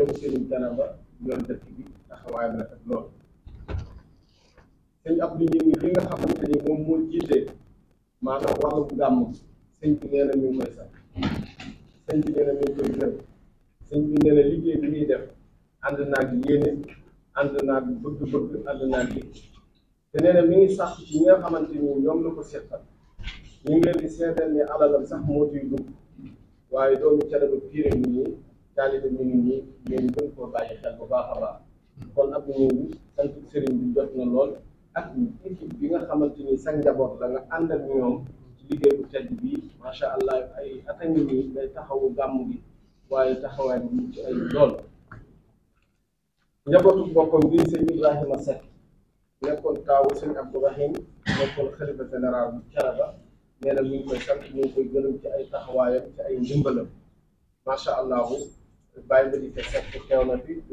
di dëkk bi taxawaayam rafet lool sëñ Abdou Ngingue li nga xamante ni moom moo jiite maanaam wàllu gàmm sëñ bi nee na mi koy sax sëñ bi nee koy gërëm sëñ bi nee liggéey bi ñuy def ànd naa ak yéene ànd naa ak bëgg-bëgg ànd naa ak te nee na mi ngi sax ci ñi nga xamante ni ñoom la ko seetal ñu ngi leen di seetal ni alalam sax moo ciy dugg waaye doomu Thiénaba Piré mi nii taalibe mi ngi nii ngeen gën koo bàyyi xel bu baax a baax kon ab ñëw bi sant sëriñ bi jot na lool ak équipe bi nga xamante ni sa njaboot la nga ànd ñoom liggéey bu tedd bi macha allah ay at a nii day taxawu gàmm bi. waaye taxawaay bu mucc ay lool njabootu boppam bii sëñ Ibrahima Seck nekkoon taawu sëñ Abdourahim nekkoon xalifa général bu Thiénaba nee na koy sant mi ngi koy gërëm ci ay taxawaayam ci ay ndimbalam macha allahu bàyyi ba di ko Seck teew na fi du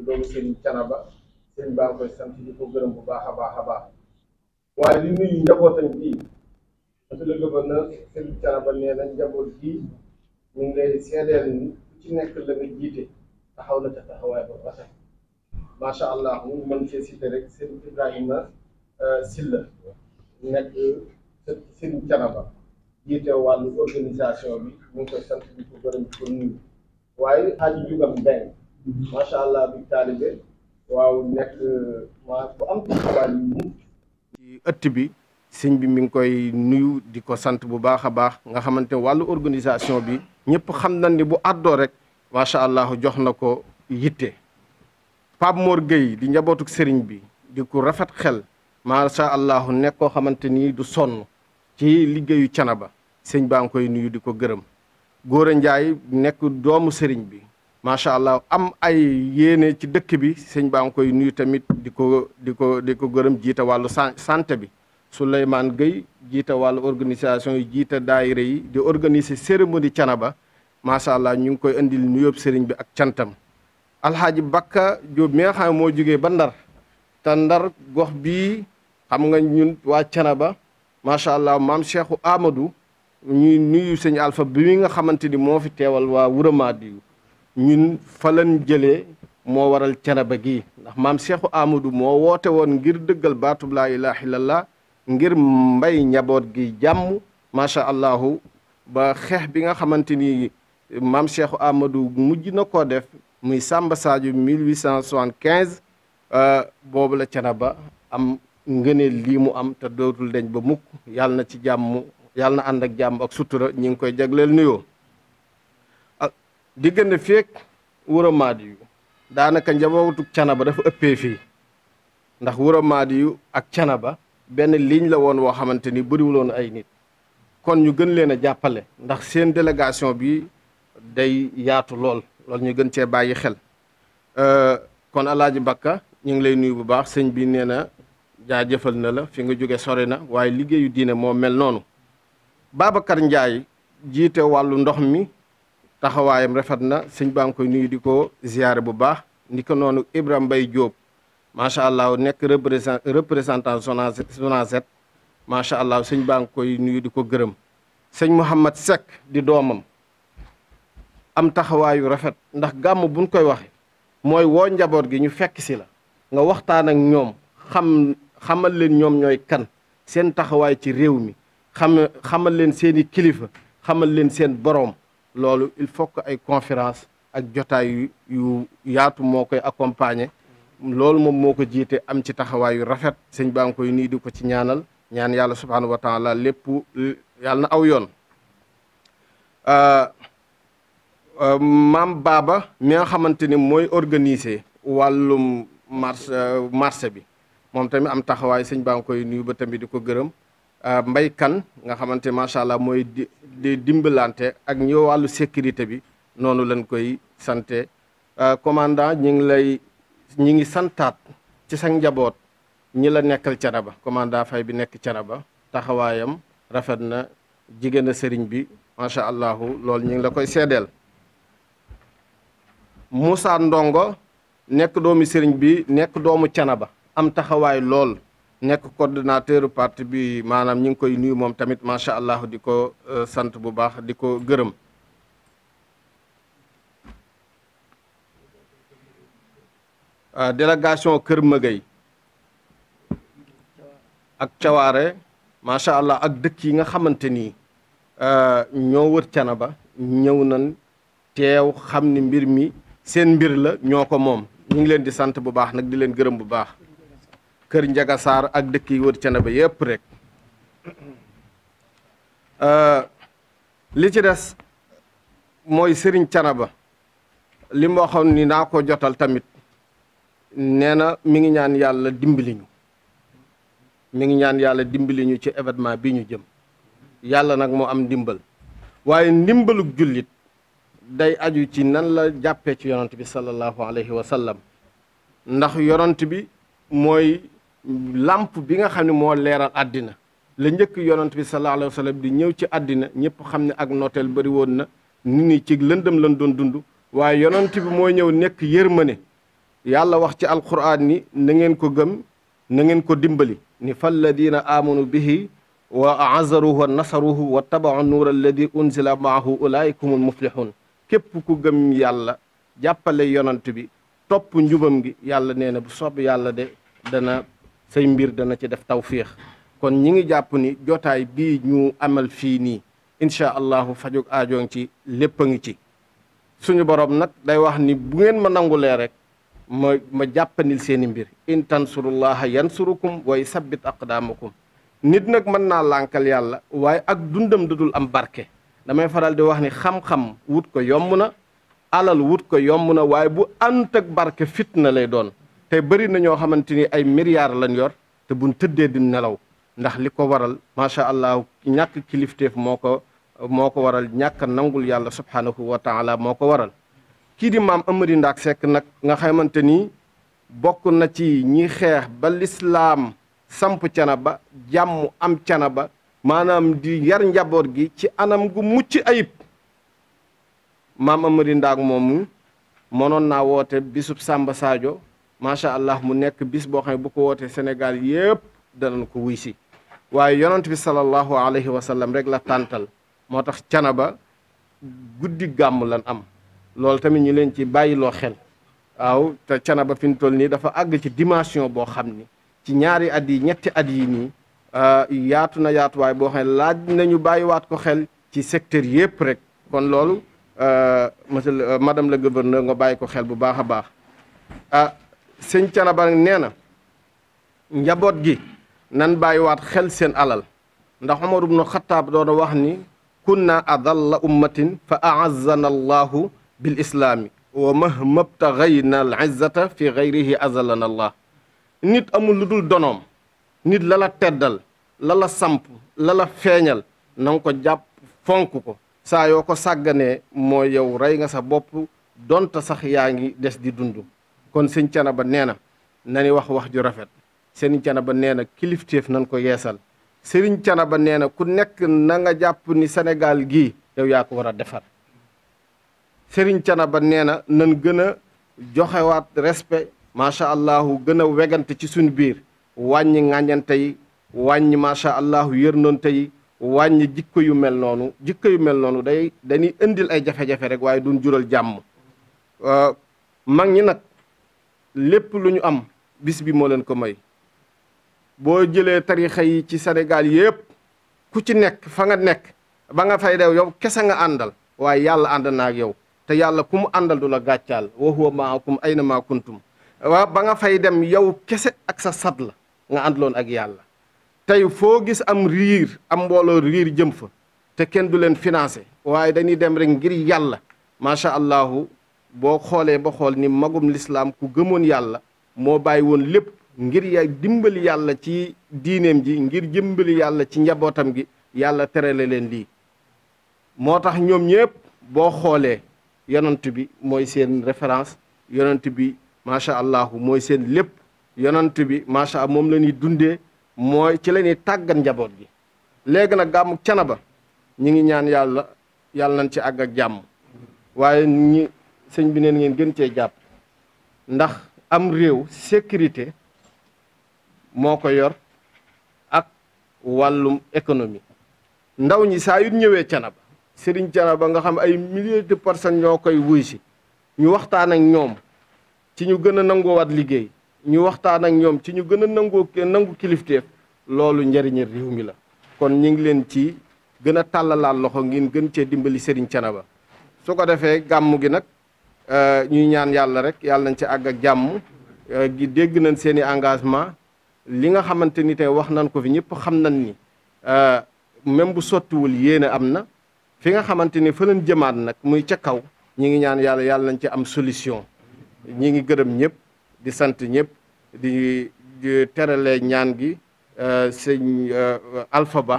sant di ko bu baax a baax a baax waaye li nuyu njabootam bi monsieur le gouverneur ni ci nekk la nga jiite taxaw na ca taxawaay ba rafet macha allah mu mën cee cité rek seen Ibrahima euh, Silla nekk seen canaba jiite wàllu organisation bi ñu ngi sant di ko gërëm di ko nuyu waaye xaaju jugam benn macha allah bi taalibe waaw nekk euh, bu am taxawaay yu ci ëtt bi. sëñ bi mi ngi koy nuyu di ko sant bu baax a baax nga xamante wàllu organisation bi ñëpp xam nañ ni bu àddoo rek macha allah jox na ko yitte Pape Mor Gueye di njabootuk sëriñ bi di ku rafet xel macha allah nekk koo xamante ni du sonn ci liggéeyu canaba sëñ baa ngi koy nuyu di ko gërëm Gora Ndiaye nekk doomu sëriñ bi macha allah am ay yéene ci dëkk bi sëñ baa ngi koy nuyu tamit di ko di ko di ko gërëm jiite wàllu santé bi. Souleymane Gueye jiita wàllu organisation yi jiite daayira yi di organiser cérémonie Thiénaba macha allah ñu ngi koy indil nuyoob sëriñ bi ak cantam alxaaji Bakka Jóob mi nga xam moo jógee ba Ndar ta Ndar gox bii xam nga ñun waa Thiénaba macha allah maam Cheikhu Amadou ñuy nuyu sëñ Alpha bi nga xamante ni moo fi teewal waa Wuramaadi ñun fa lañ jëlee moo waral Thiénaba gi ndax maam Cheikhu Amadou moo woote woon ngir dëggal baatub laa ilaaha illallah ngir mbay njaboot gi jàmm macha allahu ba xeex bi nga xamante ni maam Cheikh Amadou mujj na koo def muy Samba Sadio 1875 euh, boobu la Thiénaba am ngëneel lii mu am te dootul deñ ba mukk yàlla na ci jàmm yàlla na ànd ak jàmm ak sutura ñi ngi koy jagleel nuyoo ah diggante feeg Wuro Maadiyu daanaka njabootu Thiénaba dafa ëppee fii ndax Wuro Maadiyu ak Thiénaba benn liiñ la woon woo xamante ni bëriwuloon ay nit kon ñu gën leen a jàppale ndax seen délégation bi day yaatu lool loolu ñu gën cee bàyyi xel euh, kon alaaji Bakka ñu ngi lay nuyu bu baax sëñ bi nee na jaajëfal na la fi nga jóge sore na waaye liggéeyu diine moo mel noonu Babacar Ndiaye jiite wàllu ndox mi taxawaayam rafet na sëñ baa ngi koy nuyu di ko ziyaare bu baax ni ko noonu Ibrahima Mbaye jóob macha allah nekk représen représentant Sonacet macha allah sëñ baa ngi koy nuyu di ko gërëm sëñ Mouhamad Seck di doomam am taxawaayu rafet ndax gàmm buñ koy waxee mooy woo njaboot gi ñu fekk si la nga waxtaan ak ñoom xam xamal leen ñoom ñooy kan seen taxawaay ci réew mi xam xamal leen seeni kilifa xamal leen seen borom loolu il faut que ay conférence ak jotaay yu yaatu moo koy accompagner loolu moom moo ko jiite am ci taxawaayu rafet sëñ baa ngi koy nii di ko ci ñaanal ñaan yàlla subhaanahu wa taala lépp yàlla na aw yoon euh, euh, maam baaba mi nga xamante ni mooy organiser wàllum marché euh, marché bi moom tamit am taxawaay sëñ baa ngi koy nuyu ba tamit di ko gërëm mbay kan nga xamante macha allah mooy di di dimbalante ak ñi wàllu sécurité bi noonu lañ koy sante commandant ñu lay ñi ngi santaat ci sa njaboot ñi la nekkal canaba ba fay bi nekk ba taxawaayam rafet na jigéen a sëriñ bi macha allahu loolu ñu ngi la koy seedeel Moussa Ndongo nekk doomi sëriñ bi nekk doomu cana ba am taxawaay lool nekk coordonnateur parti bi maanaam ñu ngi koy nuyu moom tamit macha allah di ko euh, sant bu baax di ko gërëm Euh, délégation Kër Mëgëy ak Cawaare macha allah ak dëkk yi nga xamante ni euh, ñoo wër Canaba ñëw na teew xam ni mbir mi seen mbir la ñoo ko moom ñu ngi leen di sant bu baax nag di leen gërëm bu baax Kër Njaga Saar ak dëkk yi wër Canaba yépp rek euh, li ci des mooy Sëriñ Canaba li mu waxoon ni naa ko jotal tamit nee na mi ngi ñaan yàlla dimbali ñu mi ngi ñaan yàlla dimbali ñu ci événement bi ñu jëm yàlla nag moo am ndimbal waaye ndimbalug jullit day aju ci nan la jàppee ci yonant bi sallallahu alayhi wa sallam ndax yonant bi mooy làmp bi nga xam ne moo leeral àddina la njëkk yonant bi sallallahu alayhi wa sallam di ñëw ci àddina ñëpp xam ne ak nooteel bari woon na nit ñi ci lëndam lan doon dund waaye yonant bi mooy ñëw nekk yërmane yàlla wax ci alquran ni na ngeen ko gëm na ngeen ko dimbali ni falladina amanu bihi wa azaruhu wa nasaruhu wa tabau nuur alladi unzila maahu ulaikumul muflihun képp ku gëm yàlla jàppale yonant bi topp njubam gi yàlla nee na bu sob yàlla de dana say mbir dana ci def tawfiix kon ñi ngi jàpp ni jotaay bii ñu amal fii nii incha allahu fajug aajoon ci lépp a ngi ci suñu borom nag day wax ni bu ngeen ma nangulee rek ma ma seeni mbir i mbir yan tansurullaha woy wa yusabbit aqdaamakum nit nag mën naa lànkal yàlla waaye ak dundam dudul am barke damay faral di wax ni xam-xam wut ko yomb na alal wut ko yomb na waaye bu ànd ak barke na lay doon te bari na ñoo xamante ni ay milliards lañ yor te buñ tëddee di nelaw ndax li ko waral macha allah ñàkk kilifteef moo ko moo ko waral ñàkk nangul yàlla subhanahu wa taala moo ko waral kii di maam Amary Ndaak Seck nag nga xamante ni bokk na ci ñi xeex ba lislaam samp cana ba jàmm am cana Canaba maanaam di yar njaboot gi ci anam gu mucc ayib maam Amary Ndaak moomu mënoon naa woote bisub sàmba Sadio macha allah mu nekk bis boo xam ne bu ko wootee Sénégal yépp danañ ko wuy si waaye yonent bi sallallahu alayhi wa sallam rek la tàntal moo tax cana ba guddi gàmm lan am loolu tamit ñu leen ci bàyyiloo xel waaw te canaba fi mu toll nii dafa àgg ci dimension boo xam ni ci ñaari at yi ñetti at yi nii euh, yaatu na yaatuwaay boo xam laaj laaj nañu bàyyiwaat ko xel ci secteur yëpp rek kon loolu euh, monsieur euh, madame le gouverneur nga bàyyi ko xel bu baax a baax ah sëñ canaba nee na njaboot gi nan bàyyiwaat xel seen alal ndax Omar ibnu Xattaab doona wax ni kun kunna adalla ummatin fa aazana allahu bil islaami wa mahmabtaxayna al izzata fi gayrihi azalana allah nit amul lu dul donoom nit lala teddal lala samp lala feeñal na ko jàpp fonk ko saa yoo ko sàgganee moo yow rey nga sa bopp donte sax yaa ngi des di dund kon sëñ ba nee na nani wax wax ju rafet sëriñ ba nee na kilifteef nañ ko yeesal sëriñ ba nee na ku nekk na nga jàpp ni Sénégal gi yow yaa ko war a defar ca na ba nee na nan gën a joxewaat respect macha allahu gën a wegante ci suñu biir wàññi ŋàññante yi wàññi macha allahu yërnoonte yi wàññi jikko yu mel noonu jikko yu mel noonu day dañuy indil ay jafe-jafe rek waaye duñ jural jàmm euh, mag ñi nag lépp lu ñu am bis bi moo leen ko may boo jëlee tarixa yi ci Sénégal yépp ku ci nekk fa nga nekk ba nga fay dew yow kese nga àndal waaye yàlla ànd na ak yow te yàlla ku mu àndal du la gàccaal wa huwa na ayna maa kuntum waaw ba nga fay dem yow kese ak sa sat la nga àndaloon ak yàlla tey foo gis am riir am mbooloo riir jëm fa te kenn du leen financé waaye dañuy dem rek ngir yàlla macha allahu boo xoolee ba xool ni magum lislaam ku gëmoon yàlla moo bàyyi woon lépp ngir ya dimbali yàlla ci diineem ji ngir jëmbali yàlla ci njabootam gi yàlla terale leen lii moo tax ñoom ñëpp boo xoolee yonant bi mooy seen référence yonant bi macha allah mooy seen lépp yonant bi macha allah moom la ñuy dundee mooy ci la tàggat njaboot gi léegi nag gàmmu canaba ñi ngi ñaan yàlla yàlla nañ ci àgg ak jàmm waaye ñi sëñ bi neen ngeen gën cee jàpp ndax am réew sécurité moo ko yor ak wàllum économie ndaw ñi saa yu ñëwee canaba Serigne ba nga xam ay milliers de personnes ñoo koy wuy si ñu waxtaan ak ñoom ci ñu gën a nangoowaat liggéey ñu waxtaan ak ñoom ci ñu gën a nangoo nangu kilifteef loolu njëriñu réew mi la kon ñu ngi leen ci gën a tàllalaat loxo ngeen gën cee dimbali Serigne ba su ko defee gàmm gi nag euh, ñuy ñaan yàlla rek yàlla nañ ci àgg ak jàmm euh, gi dégg nañ seen i engagement li nga xamante ni tey wax nañ ko fi ñëpp xam nañ ni euh, même bu sottiwul yéene am na fi nga xamante ni fa lañ jëmaat nag muy ca kaw ñi ngi ñaan yàlla yàlla nañ ci am solution ñi ngi gërëm ñëpp di sant ñëpp di terale ñaan gi euh, sëñ euh, Alpha Ba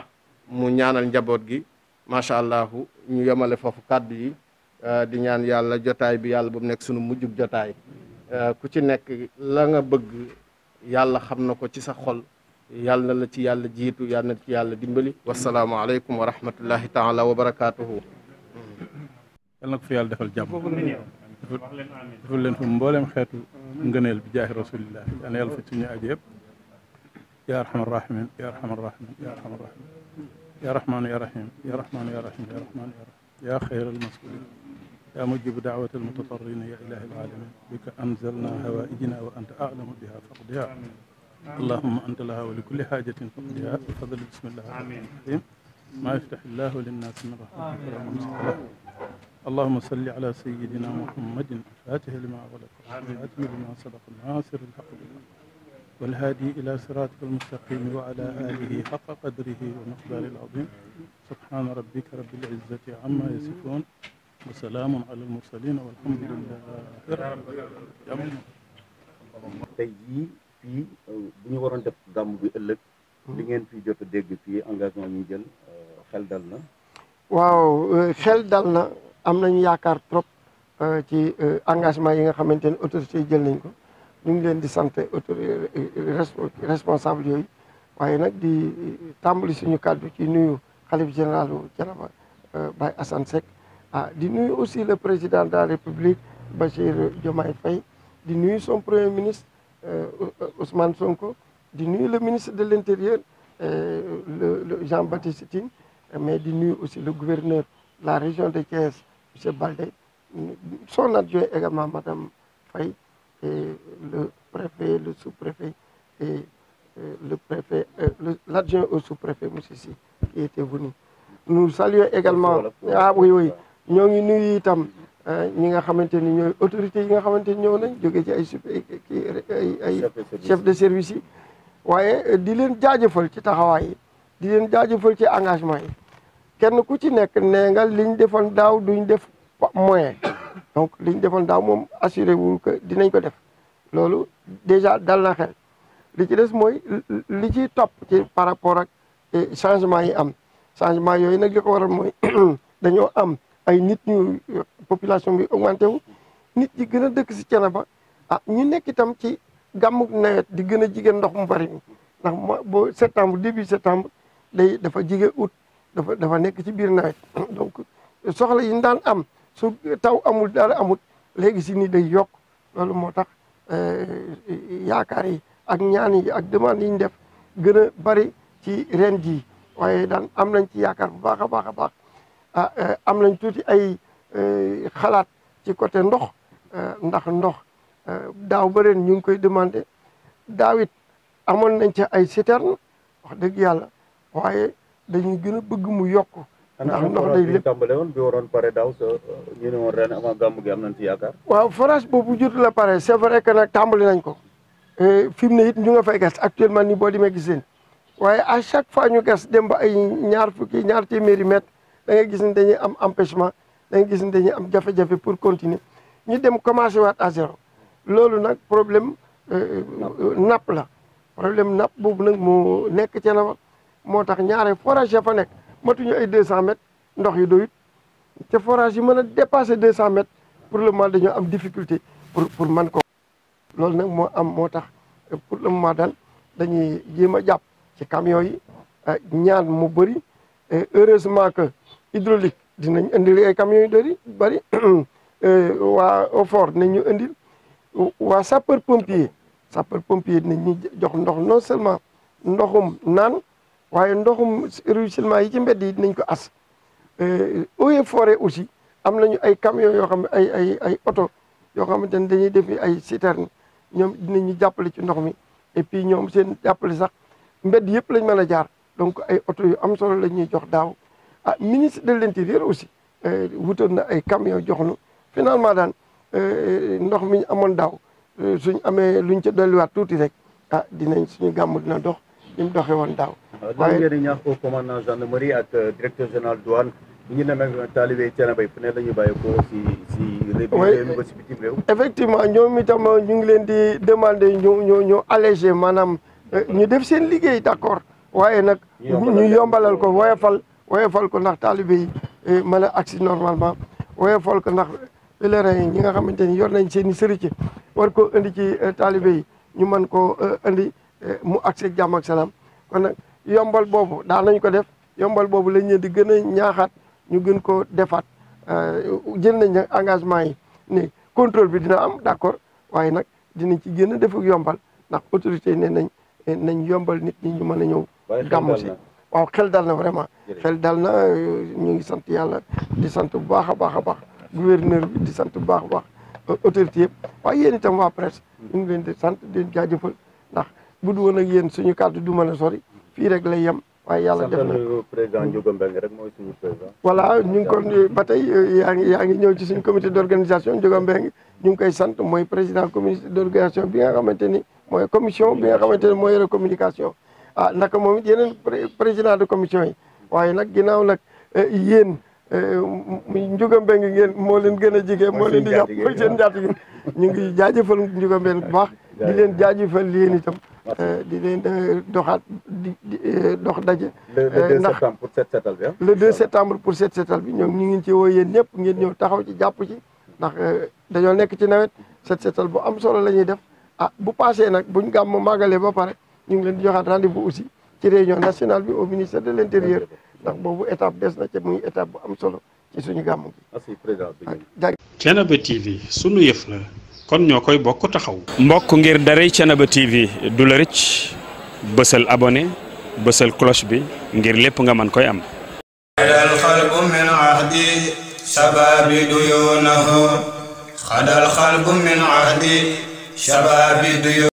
mu ñaanal njaboot gi macha allah ñu yemale foofu kàddu yi euh, di ñaan yàlla jotaay bi yàlla ba mu nekk sunu mujjug jotaay ku ci nekk la nga bëgg yàlla xam na ko ci sa xol yàlla la ci yàlla jiitu yàlla na ci yàlla dimbali wasalaamualeykum wa rahmatullahi taala wa barakaatuhu yal na ko fi yàlla defal jàmm defal leen fu mbooleem xeetu ngëneel bi jaahi rasulillah yal na yàlla fa suñu ajo yëpp ya arhamar rahimin ya arhamar rahimin ya arhamar rahimin ya rahman ya rahim ya rahman ya rahim ya rahman ya rahim ya xayral masulin ya mujibu daawatal mutatarrina ya ilahi alalamin bika anzalna hawaijina wa anta alamu biha faqdiha اللهم أنت لها ولكل حاجة فقدها بفضل بسم الله الرحمن الرحيم ما يفتح الله للناس من رحمة فلا ممسك له اللهم صل على سيدنا محمد الفاتح لما أغلق والخاتم لما سبق الناصر الحق بالحق والهادي إلى صراطك المستقيم وعلى آله حق قدره ومقداره العظيم سبحان ربك رب العزة عما يصفون وسلام على المرسلين والحمد لله رب العالمين fii euh, bu ñu waroon def gàmm bi ëllëg. Hmm. li ngeen fi jot a dégg fii engagement ñu jël euh, xel dal na. waaw euh, xel dal na am nañu yaakaar trop ci engagement yi nga xamante ne autorités jël nañ ko ñu ngi leen di sant autorité responsable yooyu waaye nag di tàmbali suñu kàddu ci nuyu xalif général Thiénaba Baye Assane Seck ah di nuyu aussi le président de la ba Bassirou Diomaye Faye di nuyu son premier ministre. Euh, Ousmane Sonko di nuyu le ministre de l'intérieur euh, le, le Jean-Baptiste Tine mais di nuyu aussi le gouverneur la région des Thiès monsieur Baldé son adjoint également madame Faye le préfet le sous-préfet et euh, le au sous-préfet monsieur Sy qui était venu nous saluons également ah oui oui ñoo ngi itam Euh, ñi nga xamante ni ñooy autorités yi nga xamante ni ñëw nañ jóge ci ay su ay ay de service yi waaye euh, di leen jaajëfal ci taxawaay yi di leen jaajëfal ci engagement yi kenn ku ci nekk nee nga liñ defoon daaw duñ def moyen donc liñ defoon daaw moom assuré wu dinañ ko def loolu déjà dal xel li ci des mooy li ci topp ci par rapport ak euh, changement yi am changement yooyu nag li ko waral mooy [CLEARS THROAT] dañoo am ay nit ñu population bi augmenté wu nit ñi gën a dëkk si ba a ah, ñu nekk itam ci gàmmu nawet di gën a jige ndox mu bari mi ndax boo septembre début septembre day dafa jige août dafa dafa nekk ci biir nawet [COUGHS] donc soxla yi ñu daan am su taw amul dara amut léegi si ni day yokk loolu moo tax eh, yaakaar yi ak ñaan ak demande yi ñu gën a bari ci ren jii waaye daan am nañ ci yaakaar bu baax a baax a baax ah eh, am nañ tuuti ay eh, xalaat ci côté ndox eh, ndax ndox daaw ba ren ñu ngi koy demandé daaw it amoon nañ ca ay citerne wax dëgg yàlla waaye dañuy gën a bëgg mu yokk ndax ndox day lépp tàmbale woon bi waroon pare daaw sa ñu ne woon ren avant gàmmu nañ ci yaakaar waaw forage boobu jotul la pare c'est vrai que nag tàmbali nañ ko fi mu ne it ñu nga fay gas actuellement nii boo demee gis leen waaye a chaque fois ñu gas demb ay ñaar fukki ñaar téeméeri mètre da ngay gis ni dañuy am empêchement da gis ni dañuy am jafe-jafe pour continuer ñu dem commencé waat à loolu nag problème euh, euh, napp la problème napp boobu nag moo nekk ca moo tax ñaare forage fa nekk matuñu ay deux cent mètres ndox yu doyut te forage yi mën a dépassé deux cent mètres pour le moment dañoo am difficulté pour pour man ko loolu nag moo am moo tax euh, pour le moment daal dañuy jéem a jàpp ci camion yi ñaan mu bëri heureusement que hydraulique dinañ indil ay camions yu dori bëri [CLEARS THROAT] eh, waa Ofor dinañ ñu indil waa sapeur pompier sapeur pompier dinañ ñu jox ndox non seulement ndoxum naan waaye ndoxum ruissellement yi ci mbedd yi dinañ ko as eh, eaux et forêt aussi am nañu ay camions yoo xam ne ay ay ay oto yoo xamante ne dañuy def ay citerne ñoom dinañu jàppale ci ndox mi et puis ñoom seen jàppale sax mbedd yëpp lañ mën a jaar donc ay oto yu am solo la ñuy jox daaw ah ministre de l'intérieur aussi euh, wutoon na ay camion jox nu finalement daan euh, euh, ndox mi ñu amoon daaw suñ amee luñ ca dolliwaat tuuti rek ah dinañ suñu gàmm dina dox ni mu doxee woon daaw. waaye ngeen ñaax ko commandant gendarmerie ak directeur général douane ñu ne nag taalibe Thiénaba fu ne la ñu bàyyi ko si si. réew si bitim réew. effectivement ñoom ñu ngi leen di demander ñu ñu ñu alléger maanaam ñu def seen liggéey d'accord waaye nag. ñu yombalal ko woyofal woyofal ko ndax taalibe yi eh, mën a agsi normalement woyofal ko ndax pèlerins yi ñi nga xamante ni yor nañ seen i ci war koo indi ci eh, taalibe yi ñu man koo eh, indi mu agsi jàmm ak kon nag yombal boobu daan nañ ko def yombal boobu lañ leen di gën a ñaaxaat ñu gën ko defaat jël nañ nag engagement yi ne contrôle bi dina am d'accord waaye nag dinañ ci gën a def ak yombal ndax autorité yi ne nañ nañ yombal nit ñi ñu mën a ñëw gàmmu si waaw xel dal na vraiment xel dal na euh, ñu ngi sant yàlla di sant bu baax a baax a baax gouverneur bi di sant bu baax a baax euh, autorité yëpp waaye yéen itam waa presse ñu ngi leen di sant di leen jaajëfal ndax bu du woon yéen suñu kàddu du mën a sori fii rek lay yem waaye yàlla def na président Ndiouga Mbengue rek mooy suñu président voilà ñu ngi kon ba tey euh, ngi ñëw ci suñu comité d' organisation Ndiouga Mbengue ñu ngi koy sant mooy président comité d' organisation bi nga xamante ni mooy commission bi nga xamante ni mooy yore communication a ah, naka moom it yeneen président de commission yi waaye nag ginnaaw nag eh, yéen eh, njuga mbeng ngeen moo leen gën a jige moo leen di jàpp mooy seen njaati ñu ngi jaajëfal njuga mbeng bu baax [LAUGHS] di leen jaajëfal yéen itam eh, di leen doxaat di dox daje ndax le 2 septembre pour set setal bi ñoom ñu ngi ci wo yéen ñëpp ngeen ñëw taxaw ci jàpp ci ndax dañoo nekk ci nawet set setal bu am solo la ñuy def ah bu passé nag buñ gàmm màggalee ba pare ñu leen di joxaat rendez-vous aussi ci réunion nationale bi au ministère de l' intérieur ndax boobu étape des na ca muy étape bu am solo ci suñu gàmmu gi. Ah, Thiénaba TV sunu yëf la kon ñoo koy bokk taxaw. mbokk ngir darey Thiénaba TV du la rëcc bësal abonné bësal cloche bi ngir lépp nga man koy am. شباب ديونه خد الخلب من عهد شباب ديونه